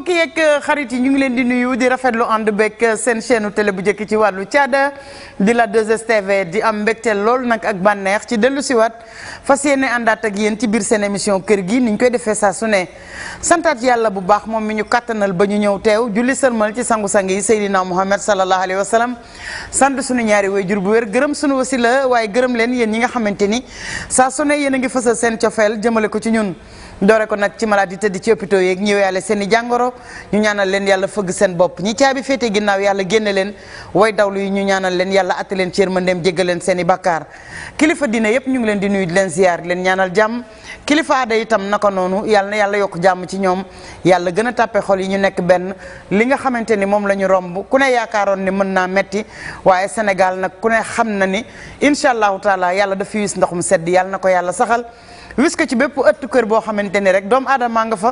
mbokk yeeg euh, xarit yi ñu ngi leen di nuyu di rafetlu ànd beeg euh, seen chaîne télé bu njëkk ci wàllu caada di la 2STV di am mbégteel lool nag ak bànneex ci dellu siwaat fas yéene àndaat ak yéen ci biir seen émission kër gi ni ñu koy defee saa sone ne santaat yàlla bu baax moom mi ñu kàttanal ba ñu ñëw teew julli sërmal ci sangu-sang yi Seydina Muhammad sallallahu alayhi wa sallam sant suñu ñaari waajur bu wér gërëm suñu la waaye gërëm leen yéen ñi nga xamante ni saa su ne yéen a ngi fësal seen cofeel jëmale ko ci ñun doore ko nag ci malade yi tëdd ci hôpitaux yeeg ñëw yàlla seen i jàngoro ñu ñaanal leen yàlla fëgg seen bopp ñi caabi féete ginnaaw yàlla génne leen way dawlu yi ñu ñaanal leen yàlla atte leen ci yërmandeem jéggal leen seeni i bakkaar kilifa dina yëpp ñu ngi leen di nuyu di leen ziyaar leen ñaanal jàmm kilifa aada itam naka noonu yàlla yàlla yokk jàmm ci ñoom yàlla gën a tàppe xol yi ñu nekk benn li nga xamante ni moom la ñu romb ku ne yaakaaroon ni mën naa metti waaye Sénégal nag ku ne xam na ni incha allahu taala yàlla dafa wis ndox mu sedd yàlla na ko yàlla saxal wis ko ci bépp ëtt kër boo xamante ni rek doomu aadama nga fa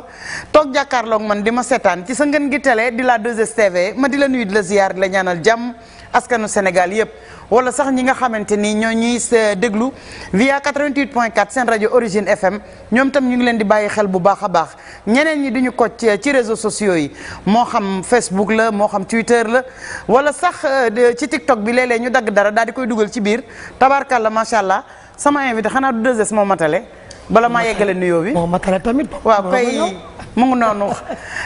toog jàkkaarlook man di ma seetaan ci sa ngeen gi télé di la 2STV ma di la nuyu di la ziar di la ñaanal jàmm askanu Sénégal yëpp. wala sax ñi nga xamante ni ñoo ñuy euh, déglu via 88 point 4 seen rajo origine FM ñoom tam ñu ngi leen di bàyyi xel bu baax a baax ñeneen ñi duñu ko euh, ci réseaux sociaux yi moo xam Facebook la moo xam Twitter la wala sax euh, ci TikTok bi léeg-léeg ñu dagg dara daal di koy dugal ci biir tabarkalla macha allah sama invité xanaa du 2S bala maa yeggale nuyoo bi. ma matale tamit. waaw kay mu ngi noonu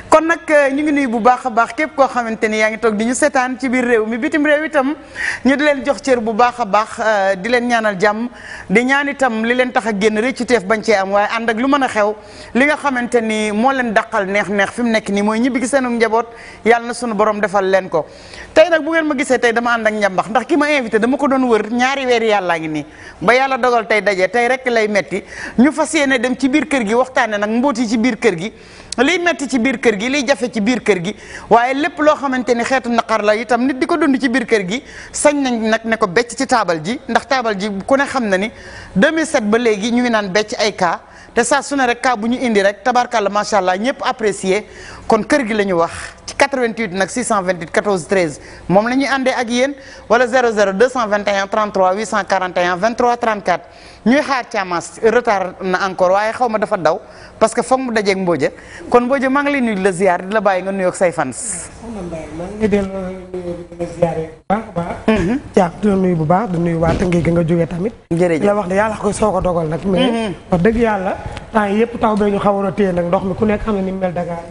kon nag euh, ñu ngi nuyu bu baax a baax képp koo xamante ni yaa ngi toog di ñu seetaan ci biir réew mi bitim réew itam ñu di leen jox cër bu baax a baax euh, di leen ñaanal jàmm di ñaan itam li leen tax a génn rëccu teef bañ cee am waaye ànd ak lu mën a xew li nga xamante ni moo leen daqal neex-neex fi mu nekk nii mooy ñibbi gi seenu njaboot yàlla na sunu borom defal leen ko tey nag bu ngeen ma gisee tey dama ànd ak njambax ndax ki ma invité dama ko doon wër ñaari weeri yàllaa ngi nii ba yàlla dogal tey tey rek lay ñu fas yéene dem ci biir kër gi waxtaane nag mbóot yi ci biir kër gi liy metti ci biir kër gi liy jafe ci biir kër gi waaye lépp loo xamante ni xeetu naqar la itam nit di ko dund ci biir kër gi sañ nañ nag ne ko becc ci taabal ji ndax taabal ji ku ne xam na ni 2007 ba léegi ñu ngi naan becc ay cas te saa su ne rek cas bu ñu indi rek tabarkàlla macha allah ñëpp apprécié kon kër gi la ñu wax. ci 88 nag 628 14 13 moom la ñuy àndee ak yéen wala 00 221 33 841 23 34 ñuy xaar Thiamas retard na encore waaye xaw ma dafa daw parce que foog mu dajeeg Mbodja kon Mbodja maa ngi lay nuyu la ziar di la bàyyi nga nuyoog say fans. maa ngi delloo bu baax di nuy waa Tëngéej gi nga jógee tamit. jërëjëf la wax ne yàlla koy soo ko dogal nag. mais mhm. wax dëgg yàlla temps yii yëpp taw bee ñu xawoon a ku nekk xam ne ni mu mel Dakar.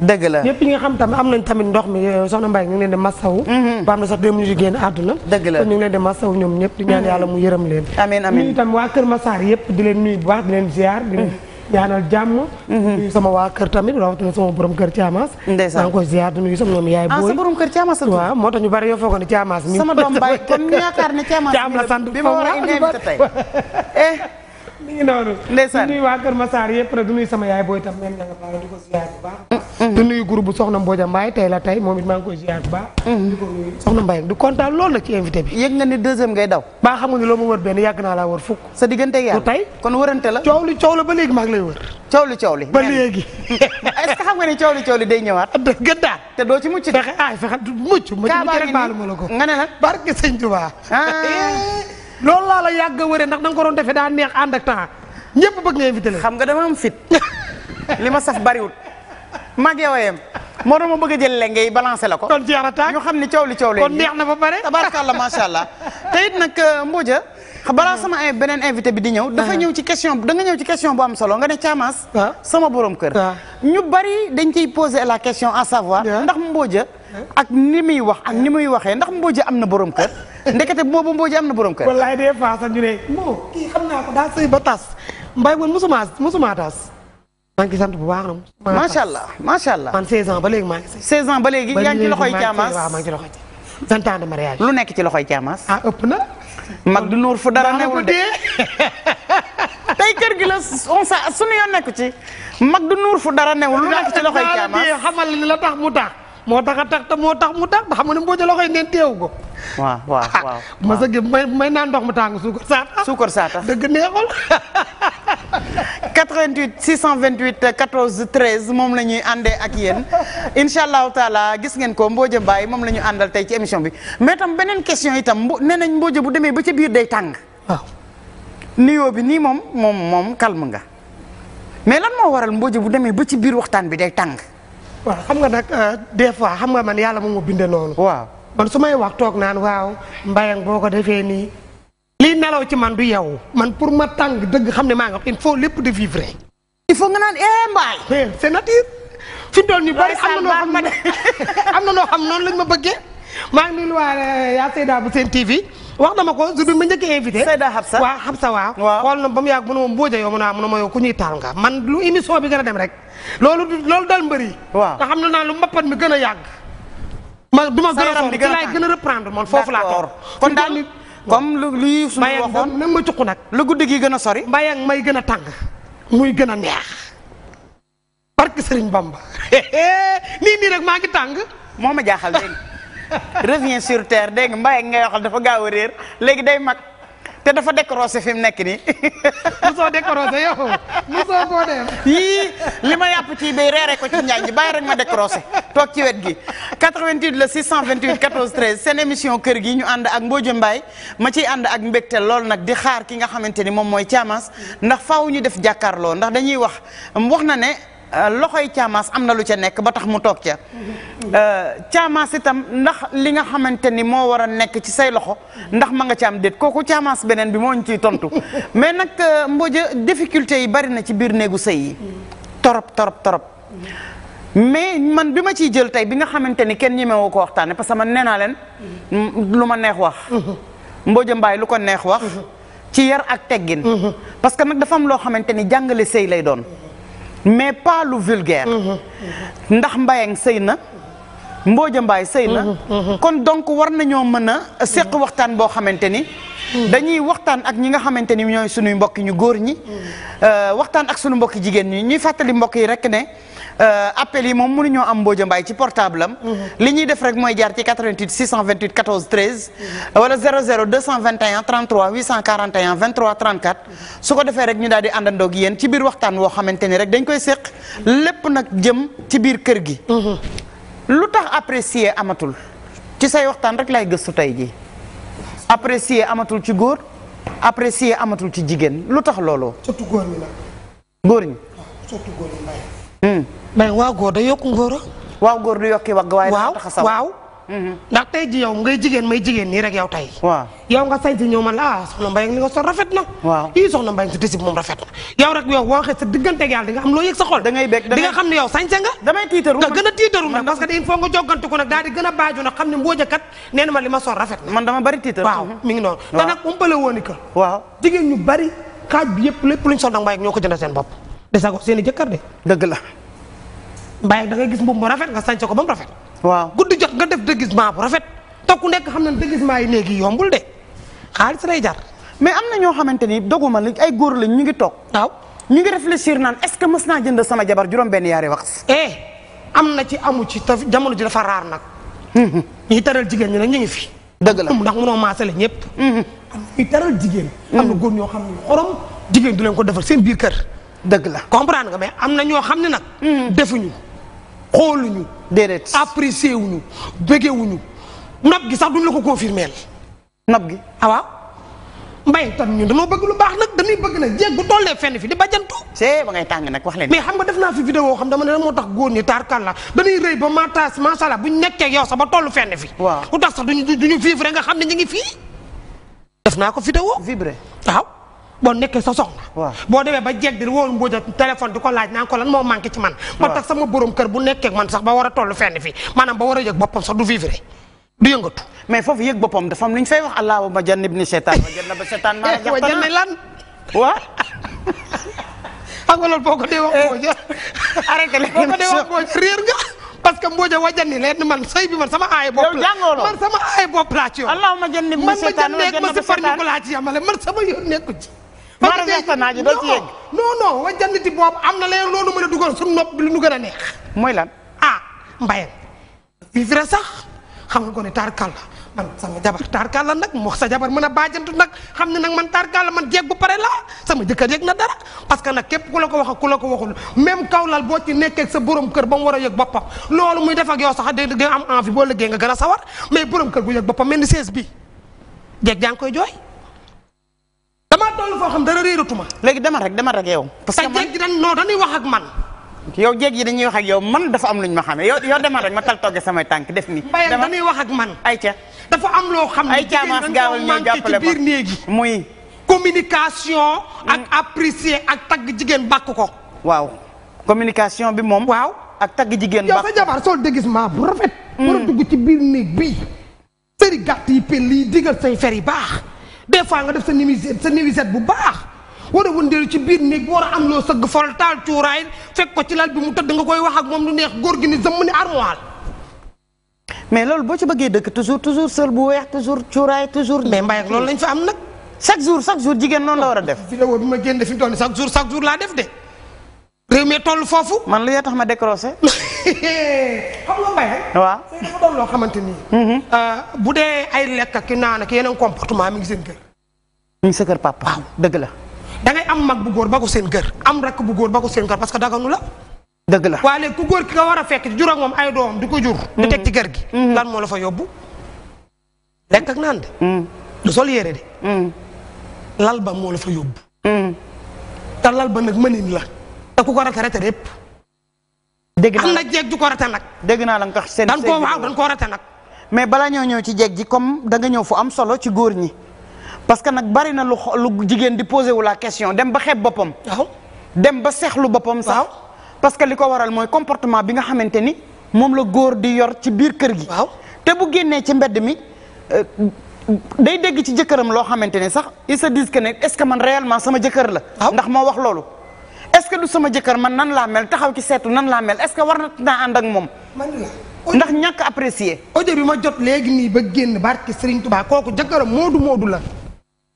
tamit ndox mi euh, soxna Mbaye ñu leen di masawu mhm. ba am na sax deux minutes yu génn àdduna dëgg la ñu ngi leen di masawu ñoom ñëpp ñaan mhm. yàlla mu yërëm leen amiin amiin waa Kër Massar yëpp di leen nuyu bu baax di leen ziar di mhm. ñaanal jàmm nuyu sama waa kër tamit rawatina sama borom kër Thiamas ndeysaan maa ngi di nuyu sama ñoom yaay ah, booy sa borom kër Thiamas waaw moo tax ñu bari yoo foogoon ne Thiamas mi sama doom bay comme ñu yaakaar ne Thiamas a mi ngi noonu. ndeysaan di nuyu waa Kër du nuyu sama yaay booy tam même nga baal di mm-hmm. tey la tey moom it ngi mm-hmm. ko nuyu Soxna Mbaye du kontaan loolu la bi. yëg nga ni deuxième ngay daw. ba xam nga ni loo ma wër naa laa wër fukk. sa diggante ak yàlla tey kon wërante la. la ba léegi maa ngi lay wër. coow li coow li ba léegi. est-ce que xam te doo ci mucc. fexe ay fexe mucc. kaa baa ngi loolu laa la yàgg a wëree ndax da nga ko doon defee daa neex ànd ak temps ñëpp bëgg nga invité xam nga dama am fit li ma saf bariwul mag yow yem moo tax ma bëgg a jël lenge yi balancé la ko. kon jeex na ñu xam ni coow li coow leen. kon neex na ba pare tabaarkalla macha allah. te it nag euh, Mbodja. balaa sama beneen invité bi di ñëw. dafa ah. ñëw ci question da nga ñëw ci question bu am solo nga ne Thiamas. Ah. sama boroom kër. Ah. ñu bari dañ ciy poser la question à savoir. ndax Mbodja. ak ni muy wax ak ni muy waxee ndax Mbodja am na borom kër. ndekete boobu Mbodja am na borom kër. wallaay des fois ñu ne. bon kii xam naa ko daa sëy ba tas mbay man musuma musuma tas. maa ngi bu baax nag. macha allah macha allah man 16 ans ba léegi maa ngi. 16 ans ba léegi yaa ngi ci loxoy caamaas waaw lu nekk ci loxoy caamaas. ah ëpp na. mag du nuur fu dara newul de tey kër gi la on sa suñu yoon mag du nuur fu dara newul lu nekk ci loxoy caamaas xamal ni la tax mu tax. moo tax a ta moo tax mu tax ba xam nga ne mbooja loxoy ngeen teewu ko. waaw waaw waaw ma sa gi mu tàng suukar saata. suukar saata dëgg 88 628 14 13 moom la ñuy àndee ak yéen incha allahu taala gis ngeen ko Mbodja Mbaye moom la ñu àndal tey ci émission bi mais tam beneen question itam mbo nee nañ bu demee ba ca biir day tàng. waaw bi nii moom moom moom calme nga mais lan moo waral Mbodja bu demee ba ci biir waxtaan bi day tàng. waaw xam nga nag euh, des fois xam nga man yàlla moom moo bindee noonu. waaw man su may wax toog naan waaw mbayang boo defee nii. lii nelaw ci man du yow man pour ma tàng dëgg xam ne maa nga il faut lépp de vivre. il faut nga naan eh mbaay. c'est nature. fi mu toll bari am na noo xam am na noo xam noonu lañ ma bëggee. maa ngi nuyu waa eh, yaa Seyda bu seen TV wax na ma ko su du ma njëkk a invité. Seyda Habsa waaw Habsa waaw. xool ba mu yàgg mu ne ma Mbodja yow mu ne ah mu ne ma yow ku ñuy taal nga man lu émission bi gën a dem rek. loolu loolu dal mbëri. waaw nga xam na naa lu mbappat mi gën a yàgg. ma du ma gën a sonn ci laay gën a reprendre man foofu laa comme lu li suñu waxoon nag ma cuq nag lu guddi gi gën a sori mbay may gën a tàng muy gën a neex barke Sëriñ Bamba nii nii rek maa ngi tàng moo ma jaaxal dégg reviens sur terre dégg nga mbay ak ngay waxal dafa gaaw a réer léegi day mag te dafa décorosé fi mu nekk nii. mosoo décorosé yow mosoo koo dem. yii li ma yàpp ci bay reere ko ci njaañ ji bàyyi rek ma décorosé toog ci wet gi 88 le 628 14 13 seen émission kër gi ñu ànd ak Mbodia Mbaye ma ciy ànd ak mbégte lool nag di xaar ki nga xamante ni moom mooy Thiamas ndax faaw ñu def jàkkaarloo ndax dañuy wax wax na ne. Euh, loxoy caamaas am na lu ca nekk ba tax mu toog ca caamaas euh, itam ndax li nga xamante ni moo war a nekk ci say loxo ndax ma nga ca am déet kooku caamaas beneen bi moo ñu ciy tontu mais nag euh, Mbodja difficulté yi bari na ci biir néegu sëy yi torop torop torop mais man bi ma ciy jël tey bi nga xamante ni kenn ñemewoo ko waxtaane parce que nee naa leen lu ma neex wax Mbodja Mbaye lu ko neex wax ci yar ak teggin parce que nag dafa am loo xamante ni jàngale sëy lay doon mais pas lu vulgaire. Mm-hmm. Mm-hmm. ndax Mbayang sëy na. Mbooja Mbaay sëy na. Mm-hmm. kon donc war nañoo mën a seq waxtaan boo xamante ni. dañuy waxtaan ak ñi nga xamante ni ñooy sunuy mbokki ñu góor ñi. Euh, waxtaan ak sunu mbokki jigéen ñi ñuy fàttali mbokk yi rek ne. Euh, appels yi moom mu mënuñoo am Mbodia Mbaye ci portable mhm. li ñuy def rek mooy jaar ci 88 628 14 13. wala 00 221 33 841 23 34. su ko defee rek ñu daal di àndandoo ak yéen ci biir waxtaan woo xamante ni rek dañ koy séq lépp nag jëm ci biir kër gi. Mhm. lu tax apprécier amatul ci say waxtaan rek lay gëstu tey ji apprécier amatul ci góor apprécier amatul ci jigéen lu tax loolu. surtout góor ñi góor ñi mais waaw góor day yokk ngóora. waaw góor du yokki wagg waaye. waaw waaw mhm. ndax tey ji yow ngay jigéen may jigéen nii rek yow tey. waaw yow nga sañ si ñëw ah, soxna Mbaye li nga sol rafet na. waaw ii soxna Mbaye si tisib moom rafet na. yow rek yow boo xee sa digganteeg yàlla di nga am loo yëg sa xol. da ngay bég di nga xam ne yow sañse nga. damay tiitaru nga gën a tiitaru nag parce que il faut nga joggantu ko nag daal di a baaju nag xam ne mbooja kat nee na ma li ma rafet na. man dama bari tiitaru. waaw mhm. mi ngi noonu. waaw te nag jigéen ñu bari xaaj ko jënd seen bopp de sa gox seen i de. dëgg la. mbaay da ngay gis mbubb mu rafet nga sànce ko ba rafet. waaw guddi jot nga def déguisement bu rafet. te ku nekk xam na déguisement yi léegi yombul de xaalis lay jar. mais am na ñoo xamante ni ma la ay góor lañ ñu ngi toog. waaw ñu ngi réfléchir naan est ce que mës naa jënd sama jabar juróom-benn yaari wax. ee eh, am na ci amu ci te jamono ji fa raar nag. Mhm. ñuy taral jigéen ñi nag ñu ngi fi. dëgg la ndax munoo maasale ñëpp. Mhm. am taral jigéen. am na mhm. góor ñoo xam ne jigéen du leen ko defal seen biir kër. dëgg la comprendre nga mais am na ñoo xam ne nag. Hmm. defuñu xooluñu. déedéet apprécier wuñu bëggee wuñu nopp gi sax duñ la ko confirmé nopp gi ah waaw mbay tam ñun dañoo bëgg lu baax nag dañuy bëgg nag jéeg bu tollee fenn fi di bajantu. see ba ngay tàng nag wax leen. xam nga def naa fi vidéo xam dama ne moo tax góor ñi taarkal la dañuy rëy ba matas macha allah nekkee yow sax ba tollu fenn fi. waaw lu tax sax duñu duñu vivre nga xam ne ñu ngi fii. def naa ko vidéo. vibrer waaw. boo nekkee sa soxna boo demee ba jeeg di wóolu mbooj téléphone di ko laaj naa ko lan moo manqué ci man ba tax sama borom kër bu nekkee man sax ba war a toll fenn fi maanaam ba a yëg boppam sax du foofu yëg boppam dafa am ñu fay wax allahuma ma janni bi ni seetaan ma janna ba seetaan maa la janni lan waa xam nga loolu boo ko dee wax mbooja eh, arrêté leen boo ko dee wax mbooja réer nga parce que man sëy bi man sama aaye bopp la man sama aaye bopp laa ci yow man ma jëndee ma seetaan ma si farñu ko laa ci man sama yoon ci mara naa ji doo ci yegg non non wa jannati boobu am na leen loolu mën a dugal suñu nopp bi lu ñu a neex mooy lan ah mbayam vivre sax xam nga ko ne taarkalla man sama jabar taarkalla nag moo sa jabar mën a baajantu nag xam ne nag man taarkalla man jeeg bu pare laa sama jëkkër yëg na dara parce que nag képp ku la ko wax ku la ko waxul même kawlal boo ci nekkee sa borom kër ba mu war a yëg boppam loolu muy def ak yow sax day day am envie boo liggéey nga gën a sawar mais borom kër bu yëg boppam mel ni sees bi jeeg jaa koy jooy damaa toll foo xam dara réeratuma. léegi demal rek demal rek yow. parce que man te jeeg ji dañ non dañuy wax ak yow man dafa am lu ñu ma xamee yow yow demal rek ma tal togge samay tànk def ni Mbaye dañuy wax ak man. ayca dafa am loo xam. ay caamaas gaawal ñoo jàppale ci biir néeg yi muy. communication. Mm. ak apprécier ak tagg jigéen bàkk ko. waaw communication bi moom. waaw ak tagg jigéen bàkk ko yow sa jabar sol déguisement bu rafet. Mm. war a dugg ci biir néeg bii. sëri gàtt yi pel yi digal say fer yi baax. des fois nga def sa nuisette sa nuisette bu baax war a wëndeelu ci biir néeg bu war am loo sëgg fol taal cuuraay fekk ko ci lal bi mu tëdd nga koy wax ak moom lu neex góor gi ni zëmm ni armoire. mais loolu boo ci bëggee dëkk toujours toujours sël bu weex toujours cuuraay toujours. mais mbay ak loolu am nag. chaque jour chaque jour jigéen noonu la war a def. vidéo bi ma génn fi mu toll chaque jour chaque def de. réew mi toll foofu. man lu yee tax ma décroché. xam waaw loo xamante ni. Mm-hmm. Euh, bu dee ay lekk ki naan ak yeneen comportement mi ngi seen kër. mu ngi sa kër papa. dëgg la. dangay am mag bu góor ba ko seen kër. am rakk bu góor ba ko seen kër parce que daganu la. dëgg la waaye léegi ku góor ki nga war a fekk di moom ay doom di ko jur. di teg ci mm-hmm. kër gi. Mm-hmm. lan moo la fa yóbbu. lekk ak naan de. du sol yére de. lal ba moo la fa yóbbu. te lal ba nag mënin la. te ku ko rate rate lépp. dégg naa am na jéeg ju ko rate nag. dégg naa la nga seen dañ koo waaw dañ koo rate nag. mais balaa ñëw ñëw ci jéeg ji comme da nga ñëw fu am solo ci góor ñi parce que nag bari na lu lu jigéen di posé wu la question dem ba xeeb boppam. waaw dem ba seexlu boppam sax. parce que li ko waral mooy comportement bi nga xamante ni moom la góor di yor ci biir kër gi. waaw te bu génnee ci mbedd mi. Euh, day dégg ci jëkkëram loo xamante ne sax ils se disent que ne est-ce que man réellement sama jëkkër la. ndax moo wax loolu. est-ce que du sama jëkkër man nan laa mel taxaw ci seetu nan laa mel est-ce que war na naa ànd moom. man la ndax ñàkk apprécier audio bi ma jot léegi nii ba génn barke Serigne Touba kooku jëkkëram moodu moodu la.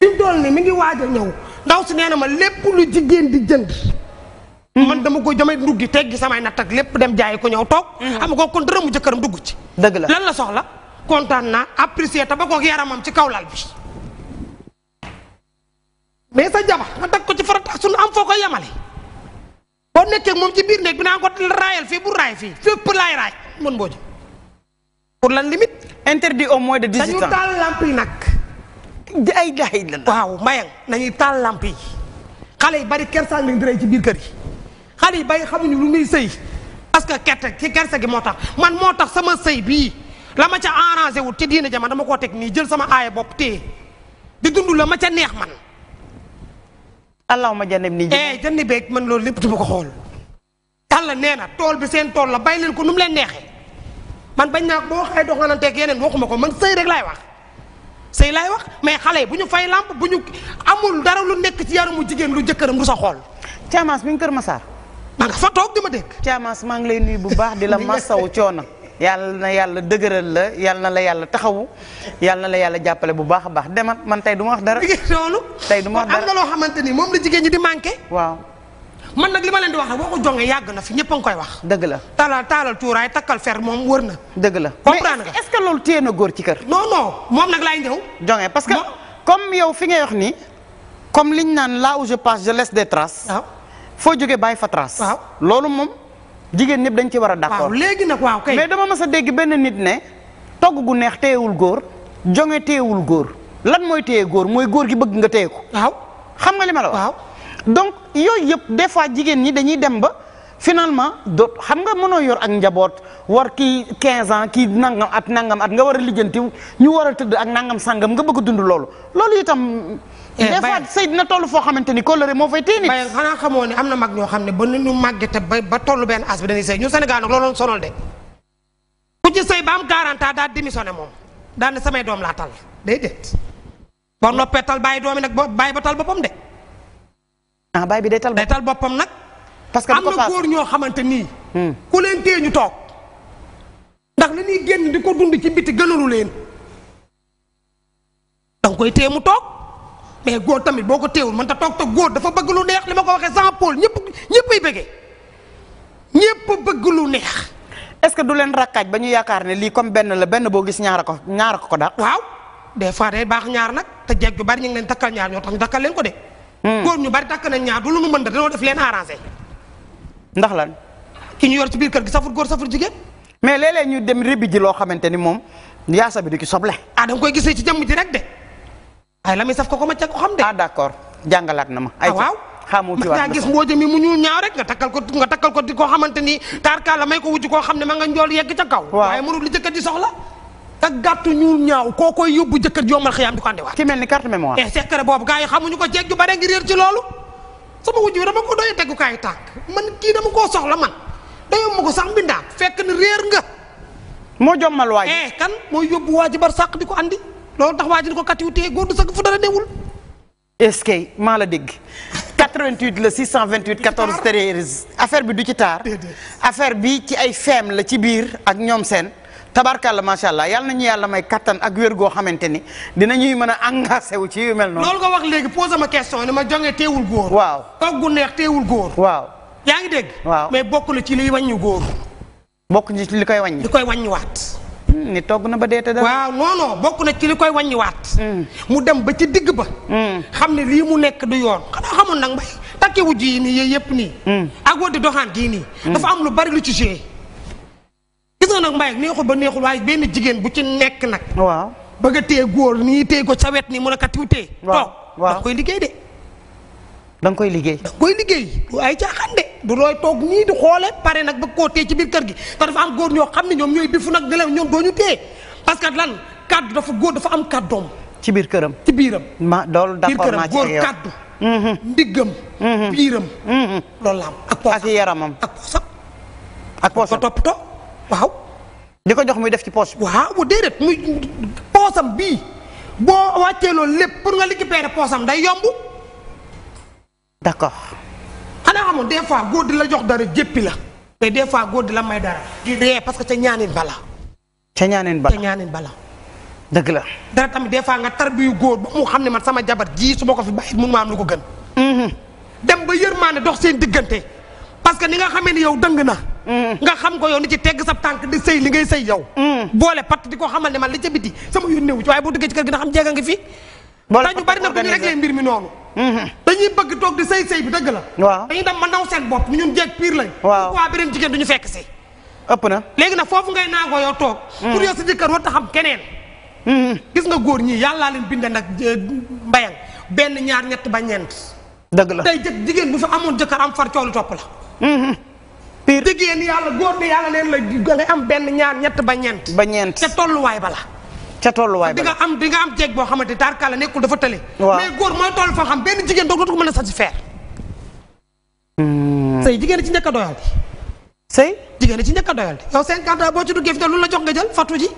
fi mu toll nii mi ngi waaj a ndaw si nee na ma lépp lu jigéen di jënd. Hmm. man dama ko jamay nduggi teggi samay natt lépp dem jaayi ko ñëw toog. Hmm. xam ko kon dara mu jëkkëram dugg ci. dëgg la lan la soxla kontaan naa apprécier te ba koog ci kaw lal mais sa jabar nga ko ci farata am foo koy yemale. boo nekkee moom ci biir néeg bi naa ko raayal fii bu raay fii fépp laay raay mën boo ji pour lan limite interdit au moins de 18 ans dañu taal lamp yi nag ay daay la waaw mayang nañuy taal làmp yi xale yi bari kersaan lañ direy ci biir kër yi xale yi bay xamuñu lu muy sëy parce que kerte ci kersa gi moo tax man moo tax sama sëy bii la ma ca arrangé wul ci diina jama dama koo teg nii jël sama aaya bopp téye di dund la ma ca neex man allahuma jannib ni eh janni beeg man loolu lépp duma ko xool yàlla nee na tool bi seen tool la bay leen ko nu mu leen neexee man bañ naa boo xëy doxalanteeg yeneen waxuma ko man sëy rek laay wax sëy laay wax mais xale yi bu ñu fay làmp bu ñu amul dara lu nekk ci yaramu jigéen lu jëkkëram du sa xool Thiamas mi ngi Kër Massar maa nga fa toog di ma dégg Thiamas maa ngi lay nuyu bu baax di la masawu coono yàlla na yàlla dëgëral la yàlla na la yàlla taxawu yàlla na la yàlla jàppale bu baax a baax demal man tey du ma wax dara. loolu tey du ma wax loo xamante ni moom la di manqué. waaw man nag ma leen di wax nag boo ko jongee yàgg na fi ñëpp a ngi koy wax. dëgg la taalal taalal cuuraay takkal fer moom wër na. dëgg la comprendre nga est-ce que loolu téye góor ci kër. non non moom nag laay ñëw. jongee parce que comme yow fi ngay wax ni comme liñ naan là je passe je laisse des traces. waaw foo bàyyi fa trace. waaw loolu moom. jigéen ñëpp dañ ci war a d'accord léegi nag waaw kay mais dama mas a dégg benn nit ne togg gu neex téyewul góor jonge téyewul góor lan mooy téye góor mooy góor gi bëgg nga téye ko waaw xam nga li ma la waaw donc yooyu yëpp des fois jigéen ñi dañuy dem ba finalement doot xam nga mënoo yor ak njaboot war kii quinze ans kii nangam at nangam at nga war a lijjanti ñu war a tëdd ak nangam sangam nga bëgg dund loolu loolu itam Eh, des fois sëy foo xamante ni kóllëre moo fay téye nit xanaa xamoo am na mag ñoo xam ne ba nu ñu màggee te ba ba benn as bi dañuy sëy ñu Sénégal nag loolu sonal de ku ci sëy moom daal samay doom laa tal day déet tal doom yi nag bàyyi ba tal boppam de ah bi day tal day tal boppam nag parce que am na góor ñoo xamante nii hmm. ku leen téye ñu toog ndax li ñuy génn di ko dund ci biti gënalu leen danga koy téye mu toog mais góor tamit boo ko teewul mën ta toog toog góor dafa bëgg lu neex li ma ko waxee sans pôle ñëpp ñëppay bëggee ñëpp bëgg lu neex. est-ce que du leen rakkaaj ba ñu yaakaar ne lii comme benn la benn boo gis ñaara ko ñaara ko ko dàq. waaw des fois day baax ñaar nag te jeeg ju bari ñu ngi leen takkal ñaar ñoo tax ñu takkal leen ko de. Hmm. góor ñu bari takk nañ ñaar du lu nu mën da dañoo def leen arrangé. ndax lan. ki ñu yor ci biir kër gi safur góor safur jigéen. mais léeg-léeg ñu dem rëbbi ji loo xamante ni moom yaasa bi du ki soble. ah da koy gisee ci jëmm ji rek ay la muy saf ko ko ma ca ko xam de. ah d'accord jàngalaat na ma. Ah, ay gis mbooja mi mu ñuul ñaaw rek nga takkal ko nga takkal ko di koo xamante ni tarkaa koo xam ne ma nga njool yegg ca kaw. waaw waaye mënul li jëkkër ji ñaaw koo koy yóbbu jëkkër yombal xiyaam di ko andiwaat. ki mel ni carte mémoire. et eh, secret boobu gars yi xamuñu ko jeeg ju bare ngi tànk man kii dama koo soxla man ma ko sax mbindaat fekk ni réer nga. moo jommal waaj. eh kan moo yóbbu waaj bar sàq di ko andi loolu tax waa ji ko katiw téye góor du sëgg fu dara newul. est-ce que maa la dégg 88 la 628 14 13 affaire bi du ci taar. affaire bi ci ay feem la ci biir ak ñoom seen. tabarkaal macha allah yal nañu yàlla may kattan ak wér goo xamante ni dina ñuy mën a engagé wu ci yu mel noonu. loolu nga wax léegi posé ma question ni ma jonge teewul góor. waaw toog gu neex teewul góor. waaw yaa ngi dégg. waaw mais bokk la ci liy waññu góor. bokk na ci li koy wàññi. li koy wàññiwaat. ni togg na ba dee te dara. waaw non bokk na ci li koy waat mm. mu dem ba ci digg ba. Mm. xam ne lii mu nekk du yoon xanaa xamul nag mbay takki wujj yi nii yooyu yëpp nii. Mm. ak wóor di doxaan gii nii. dafa am lu bari lu ci gée. gis nga nag mbay neexul ba neexul waaye benn jigéen bu ci nekk nag. waaw bëgg a téye góor nii téye ko sa wet nii mu ne ka tiw téye. waaw koy liggéey de. da nga koy liggéey. da koy liggéey du ay caaxaan de du looy toog nii di xoole pare nag ba koo tee ci biir kër gi te dafa am góor ñoo xam ne ñoom ñooy bifu nag ne la ñoom doo ñu téye parce que kaddu dafa góor dafa am kaddoom. ci biir këram ci biiram. ma ma ci yow biir këram góor loolu la am ak poosam ak yaramam ak poosam. ak poosam ko toppatoo waaw. di ko jox muy def ci poos bi. waaw déedéet muy poosam bii boo wàccee loolu lépp pour nga récupérer poosam day yomb. d'accord. xanaa xamul des fois góor di la jox dara jéppi la. mais des fois góor di la may dara. di ree parce que ca ñaanin bala. ca ñaanin bala ca bala. dëgg la. dara tamit des fois nga tarbiyu góor ba mu xam ne man sama jabar jii su ko fi bàyyi mun ma lu ko gën. Mm-hmm. dem ba yërmaande dox seen diggante parce que ni nga xamee ni yow dëng na. Mm-hmm. nga xam ko yow ni ci tegg sa tànk di sëy li ngay say yow. Mm-hmm. boole pat di ko xamal ne man li ca sama yónneewu ci waaye boo duggee ci kër gi nga xam jeega fi. boole ñu bari na ko ñu réglé mbir mi noonu. Mhm. dañuy bëgg toog di sëy sëy bi dëgg la waaw dañuy dem ma naw seen bopp ñun jeeg piir lañ waaw pourquoi beneen du ñu fekk si ëpp na léegi nag foofu ngay naagoo yow toog mhm. pour yow sa jëkkër war ta xam keneen mhm. gis nga góor ñi yàllaa leen binde nag mbayang benn ñaar ñett ba dëgg la tey jëkk jigéen bu fi amoon jëkkër am far coow lu topp la piir jigéen yàlla góor ni yàlla leen la ngay am benn ñaar ñett ba ñeent ba ñeent te tolluwaay ba la ca tolluwaay ba di nga am di nga am jeeg boo xamante ne tarkala nekkul dafa tële. waaw mais góor mooy toll foo xam benn jigéen doog dootu ko mën a satisfaire. Hmm. sëy jigéen ci njëkk a doyal di. sëy jigéen ci njëkk a doyal di yow 50 ans boo ci duggee fi ne lu la jox nga jël fatu ji.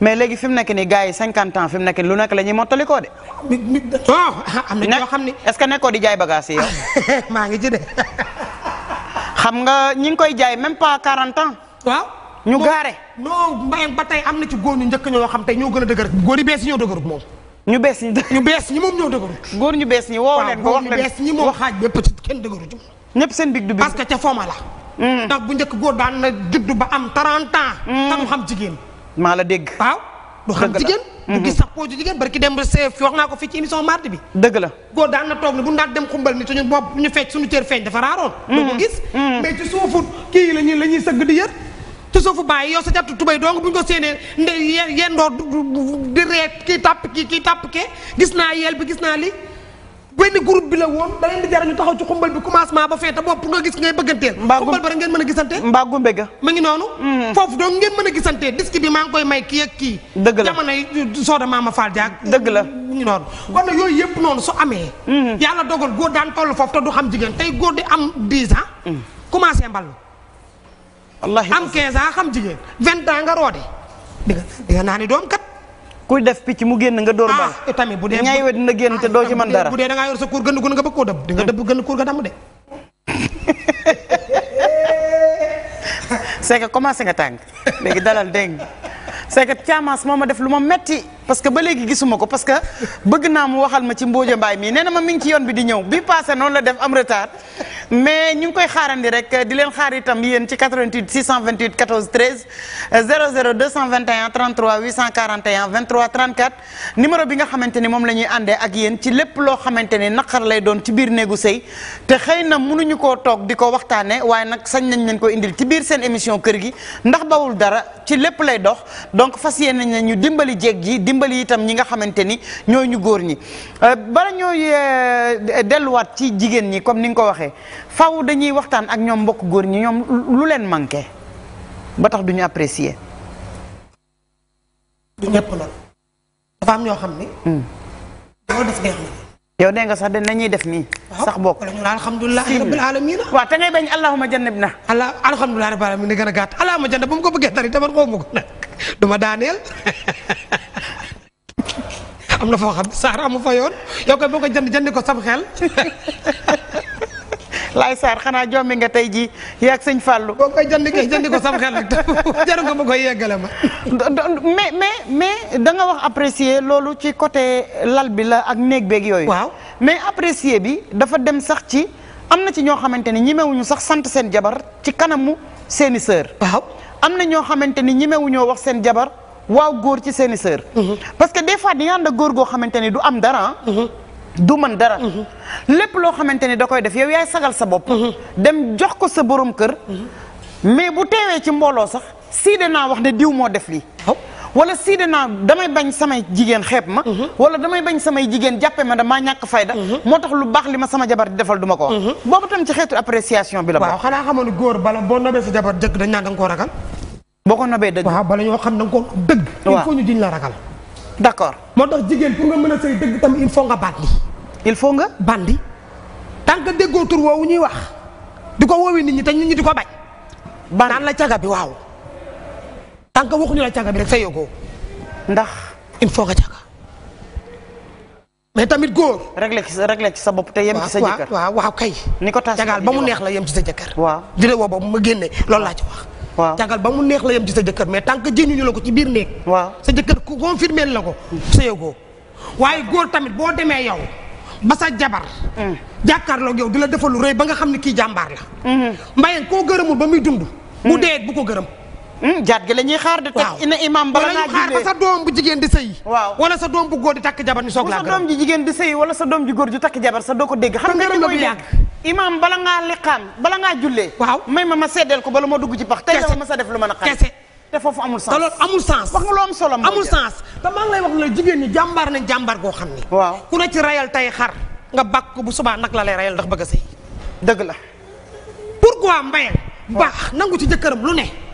mais léegi fi mu nekk nii gars yi 50 ans fi mu nekk nii lu nekk la ñuy mottali koo de. mi mi oh am na ñoo xam ne est-ce que nekkoo di jaay bagage yi yow. maa ngi ci de. xam nga ñi ngi koy jaay même pas 40 ans. waaw. ñu gaare non Mbayang ba tey am na ci góor ñu njëkk ñoo xam tey ñoo gën a dëgër góor yi bees yi ñoo dëgërut moom ñu bees ñi ñu bees ñi moom ñoo dëgërut góor bees ñi woo leen ko wax leen que ca fooma mm. bu njëkk góor daan na judd ba am 30 ans mm. te xam jigéen maa la dégg waaw du xam jigéen mm-hmm. du gis sax pooju jigéen barki dem fi wax ko fii ci émission mardi bi dëgg la góor daan na toog ne bu daan dem xumbal ni te bopp ñu fecc suñu cër feeñ dafa raaroon mm-hmm. du ko gis mm-hmm. mais ci suufu kii la ñuy sëgg di yër te soo fa bàyyi yow sa jàpp tubay dong bu ñu ko séenee nde yendoor di reet kii tàpp kii kii tàpp ke gis naa yel bi gis naa li benn groupe bi la woon da leen di jar taxaw ci xumbal bi commencement ba fin te bopp nga gis ngay bëgganteel xumbal ba rek ngeen mën a gisante mbaa gumbe ga ma ngi noonu mm-hmm. foofu donc ngeen mën a gisante disque bi maa ngi koy may kii ak kii dëgg la soo yi sooda maama Fall Diak dëgg la ñu noonu kon nag yooyu yëpp noonu su amee mm-hmm. yàlla dogal góor daan toll foofu te du xam jigéen tey góor di am 10 mm. commencé mbal wallaahi am 15 ans xam jigéen 20 ans nga roode di nga di nga naa doom kat. ku def picc mu génn nga door bal ah tamit bu dee ñaay wet dina génn te doo ci ah, dara bu dee da ngaa yor sa kuur gën gu nga bëgg koo dëbb di dëbb gën kuur ga damm de. c'est que commencé nga tàng léegi dalal dégg nga c'est que caamas moo ma def lu ma metti parce que ba léegi gisuma ko parce que bëgg naa mu waxal ma ci Mbooja Mbaay mii nee na ma mi ngi ci yoon bi di ñëw bi passé noonu la def am retard mais ñu ngi koy xaarandi rek di leen xaar itam yéen ci 88 628 14 13 00 221 33 841 bi nga xamante ni moom la ñuy àndee ak yéen ci lépp loo xamante ni naqar lay doon ci biir néegu sëy te xëy na mënuñu koo toog di ko waxtaane waaye nag sañ nañ leen ko indil ci biir seen émission kër gi ndax bawul dara ci lépp lay dox donc fas yéene nañu dimbali jéeg ji dimbali itam ñi nga xamante ni ñooy ñu góor ñi euh, bala ñooy euh, delluwaat ci jigéen ñi comme ni nga ko waxee faw dañuy waxtaan ak ñoom mbokk góor ñi ñoom lu leen manqué ba tax du ñu apprécier. du ñëpp nag ñoo xam ni. boo hmm. def neex na. yow dégg nga sax dañ nañuy def nii. sax bokk waaw alhamdulilah rabbil alamin waaw te ngay bañ allahumma jannib na. allah alhamdulilah rabbil alamin gën a gàtt allahumma jannib ba mu ko bëggee tari tamit xaw ma ko nag du ma daaneel. am na foo xam ne Sarr amu fa yoon yow kay boo ko jënd jëndi ko sam xel. laay Sarr xanaa jommi nga tey jii yaag sëñ Fallou. boo koy jënd kay jëndi ko sam xel rek jarul nga ma koy yeggale ma. mais mais mais da nga wax apprécier loolu ci côté lal bi la ak néeg beeg yooyu. waaw mais apprécier bi dafa dem sax ci am na ci ñoo xamante ni ñemewuñu sax sant seen jabar ci kanamu seeni sœur. waaw am na ñoo xamante ni ñemewuñoo wax seen jabar. waaw góor ci seeni sœur parce que des fois di nga ànd góor goo xamante ni du am dara du man dara lépp loo xamante ni da koy def yow yaay sagal sa bopp dem jox ko sa borom kër mais bu teewee ci mbooloo sax siide naa wax ne diw moo def lii oh. wala sii de naa damay bañ samay jigéen xeeb ma mhm. wala damay bañ samay jigéen jàppe ma damaa ñàkk fay fayda mhm. moo tax lu baax li ma sama jabar di defal du ma ko wax mhm. boobu tam ci xeetu appréciation bi la waaw xanaa xamoon góor bala boo nobee sa jëkk dañ naan danga ragal boo ko nobee dëgg. waaw bala ñoo xam na nga dëgg. waaw il faut ñu diñ la ragal. d'accord moo tax jigéen pour nga mën a dëgg tam il faut nga bandi. il faut nga bandi. tant que déggoo tur woowu ñuy wax di ko woowi nit ñi te ñu ñi di ko bañ. ban naan la caga bi waaw. tant que waxuñu la caga bi rek sëyoo ko ndax il faut nga caga. mais tamit góor. réglé ci sa réglé bopp te yem ci sa jëkkër waaw waaw kay. ni ko taas cagal ba mu neex la yem ci sa jëkkër. waaw di la woo ba mu génne loolu laa ci wax. waaw cagal ba mu neex la yem ci sa jëkkër mais tant que jëñuñu la ko ci biir néeg waaw sa jëkkër ku confirmé la ko sa sëyagoo waaye góor tamit boo demee yow ba sa jabar mm. jàkkaarloog yow di la defal lu ba nga xam ne kii jàmbaar la mm-hmm. mbayeen koo gërëmul ba muy dund mu mm. dee bu ko gërëm Hmm, jaat gi la ñuy xaar de teg ina imam bala ba sa doom bu jigéen di sa doom bu góor di takk jabar ñu soog ji jigéen di sëy wala sa doom ji ko dégg xam nga mooy yàgg imam bala ngaa liqaam bala ngaa jullee waaw may ma ma seddeel ko bala moo dugg ci pax tey a xaar kese te foofu amul sens te loolu amul solo amul sens te maa ngi lay wax ne ñi jàmbaar nañ jàmbaar goo xam ni waaw ku ne ci rayal tay xar nga ko bu subaa nag la lay rayal ndax bëgg a sëy dëgg la pourquoi mbaye baax nangu ci jëkkëram lu ne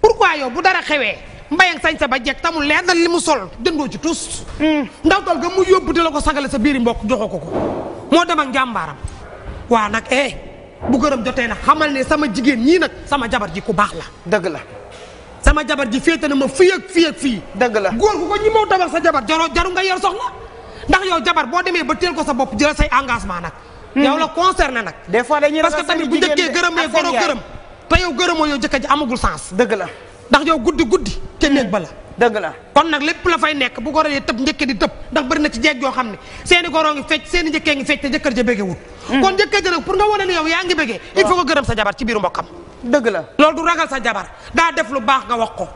pour pourquoi yow bu dara xewee mbayang sañ sa ba jekk tamul leer na li mu sol dëndoo ci tus hmm. ndaw tool gam mu yóbbu di la ko sagale sa biir mbokk joxoo ko ko moo dem njàmbaaram waa nag eh bu gërëm jotee nag xamal ne sama jigéen ñii nag sama jabar ji ku baax la dëgg la sama jabar ji féete na ma fii fii ak la góor ku ko ñi moo tabax sa jabar jaro jaru nga yor soxna ndax yow jabar boo demee ba teel ko sa bopp jël say engagement nag hmm. yow la concerné nag des fois dañuy parce que tamit bu njëkkee gërëm mee goro gërëm te yow gërëmoo yow jëkkër ji amagul sens. dëgg la ndax yow guddi guddi te néeg ba la. dëgg la kon nag lépp la fay nekk bu goro yi tëb njëkke di tëb ndax bëri na ci jeeg yoo xam ne seeni goroo ngi fecc seeni njëkkee ngi fecc te jëkkër ja béggewut hmm. kon jëkkër ja nag pour nga wane ne yow yaa ngi béggee il faut nga gërëm sa jabar ci biiru mbokkam dëgg la loolu du ragal sa jabar daa def lu baax nga wax ko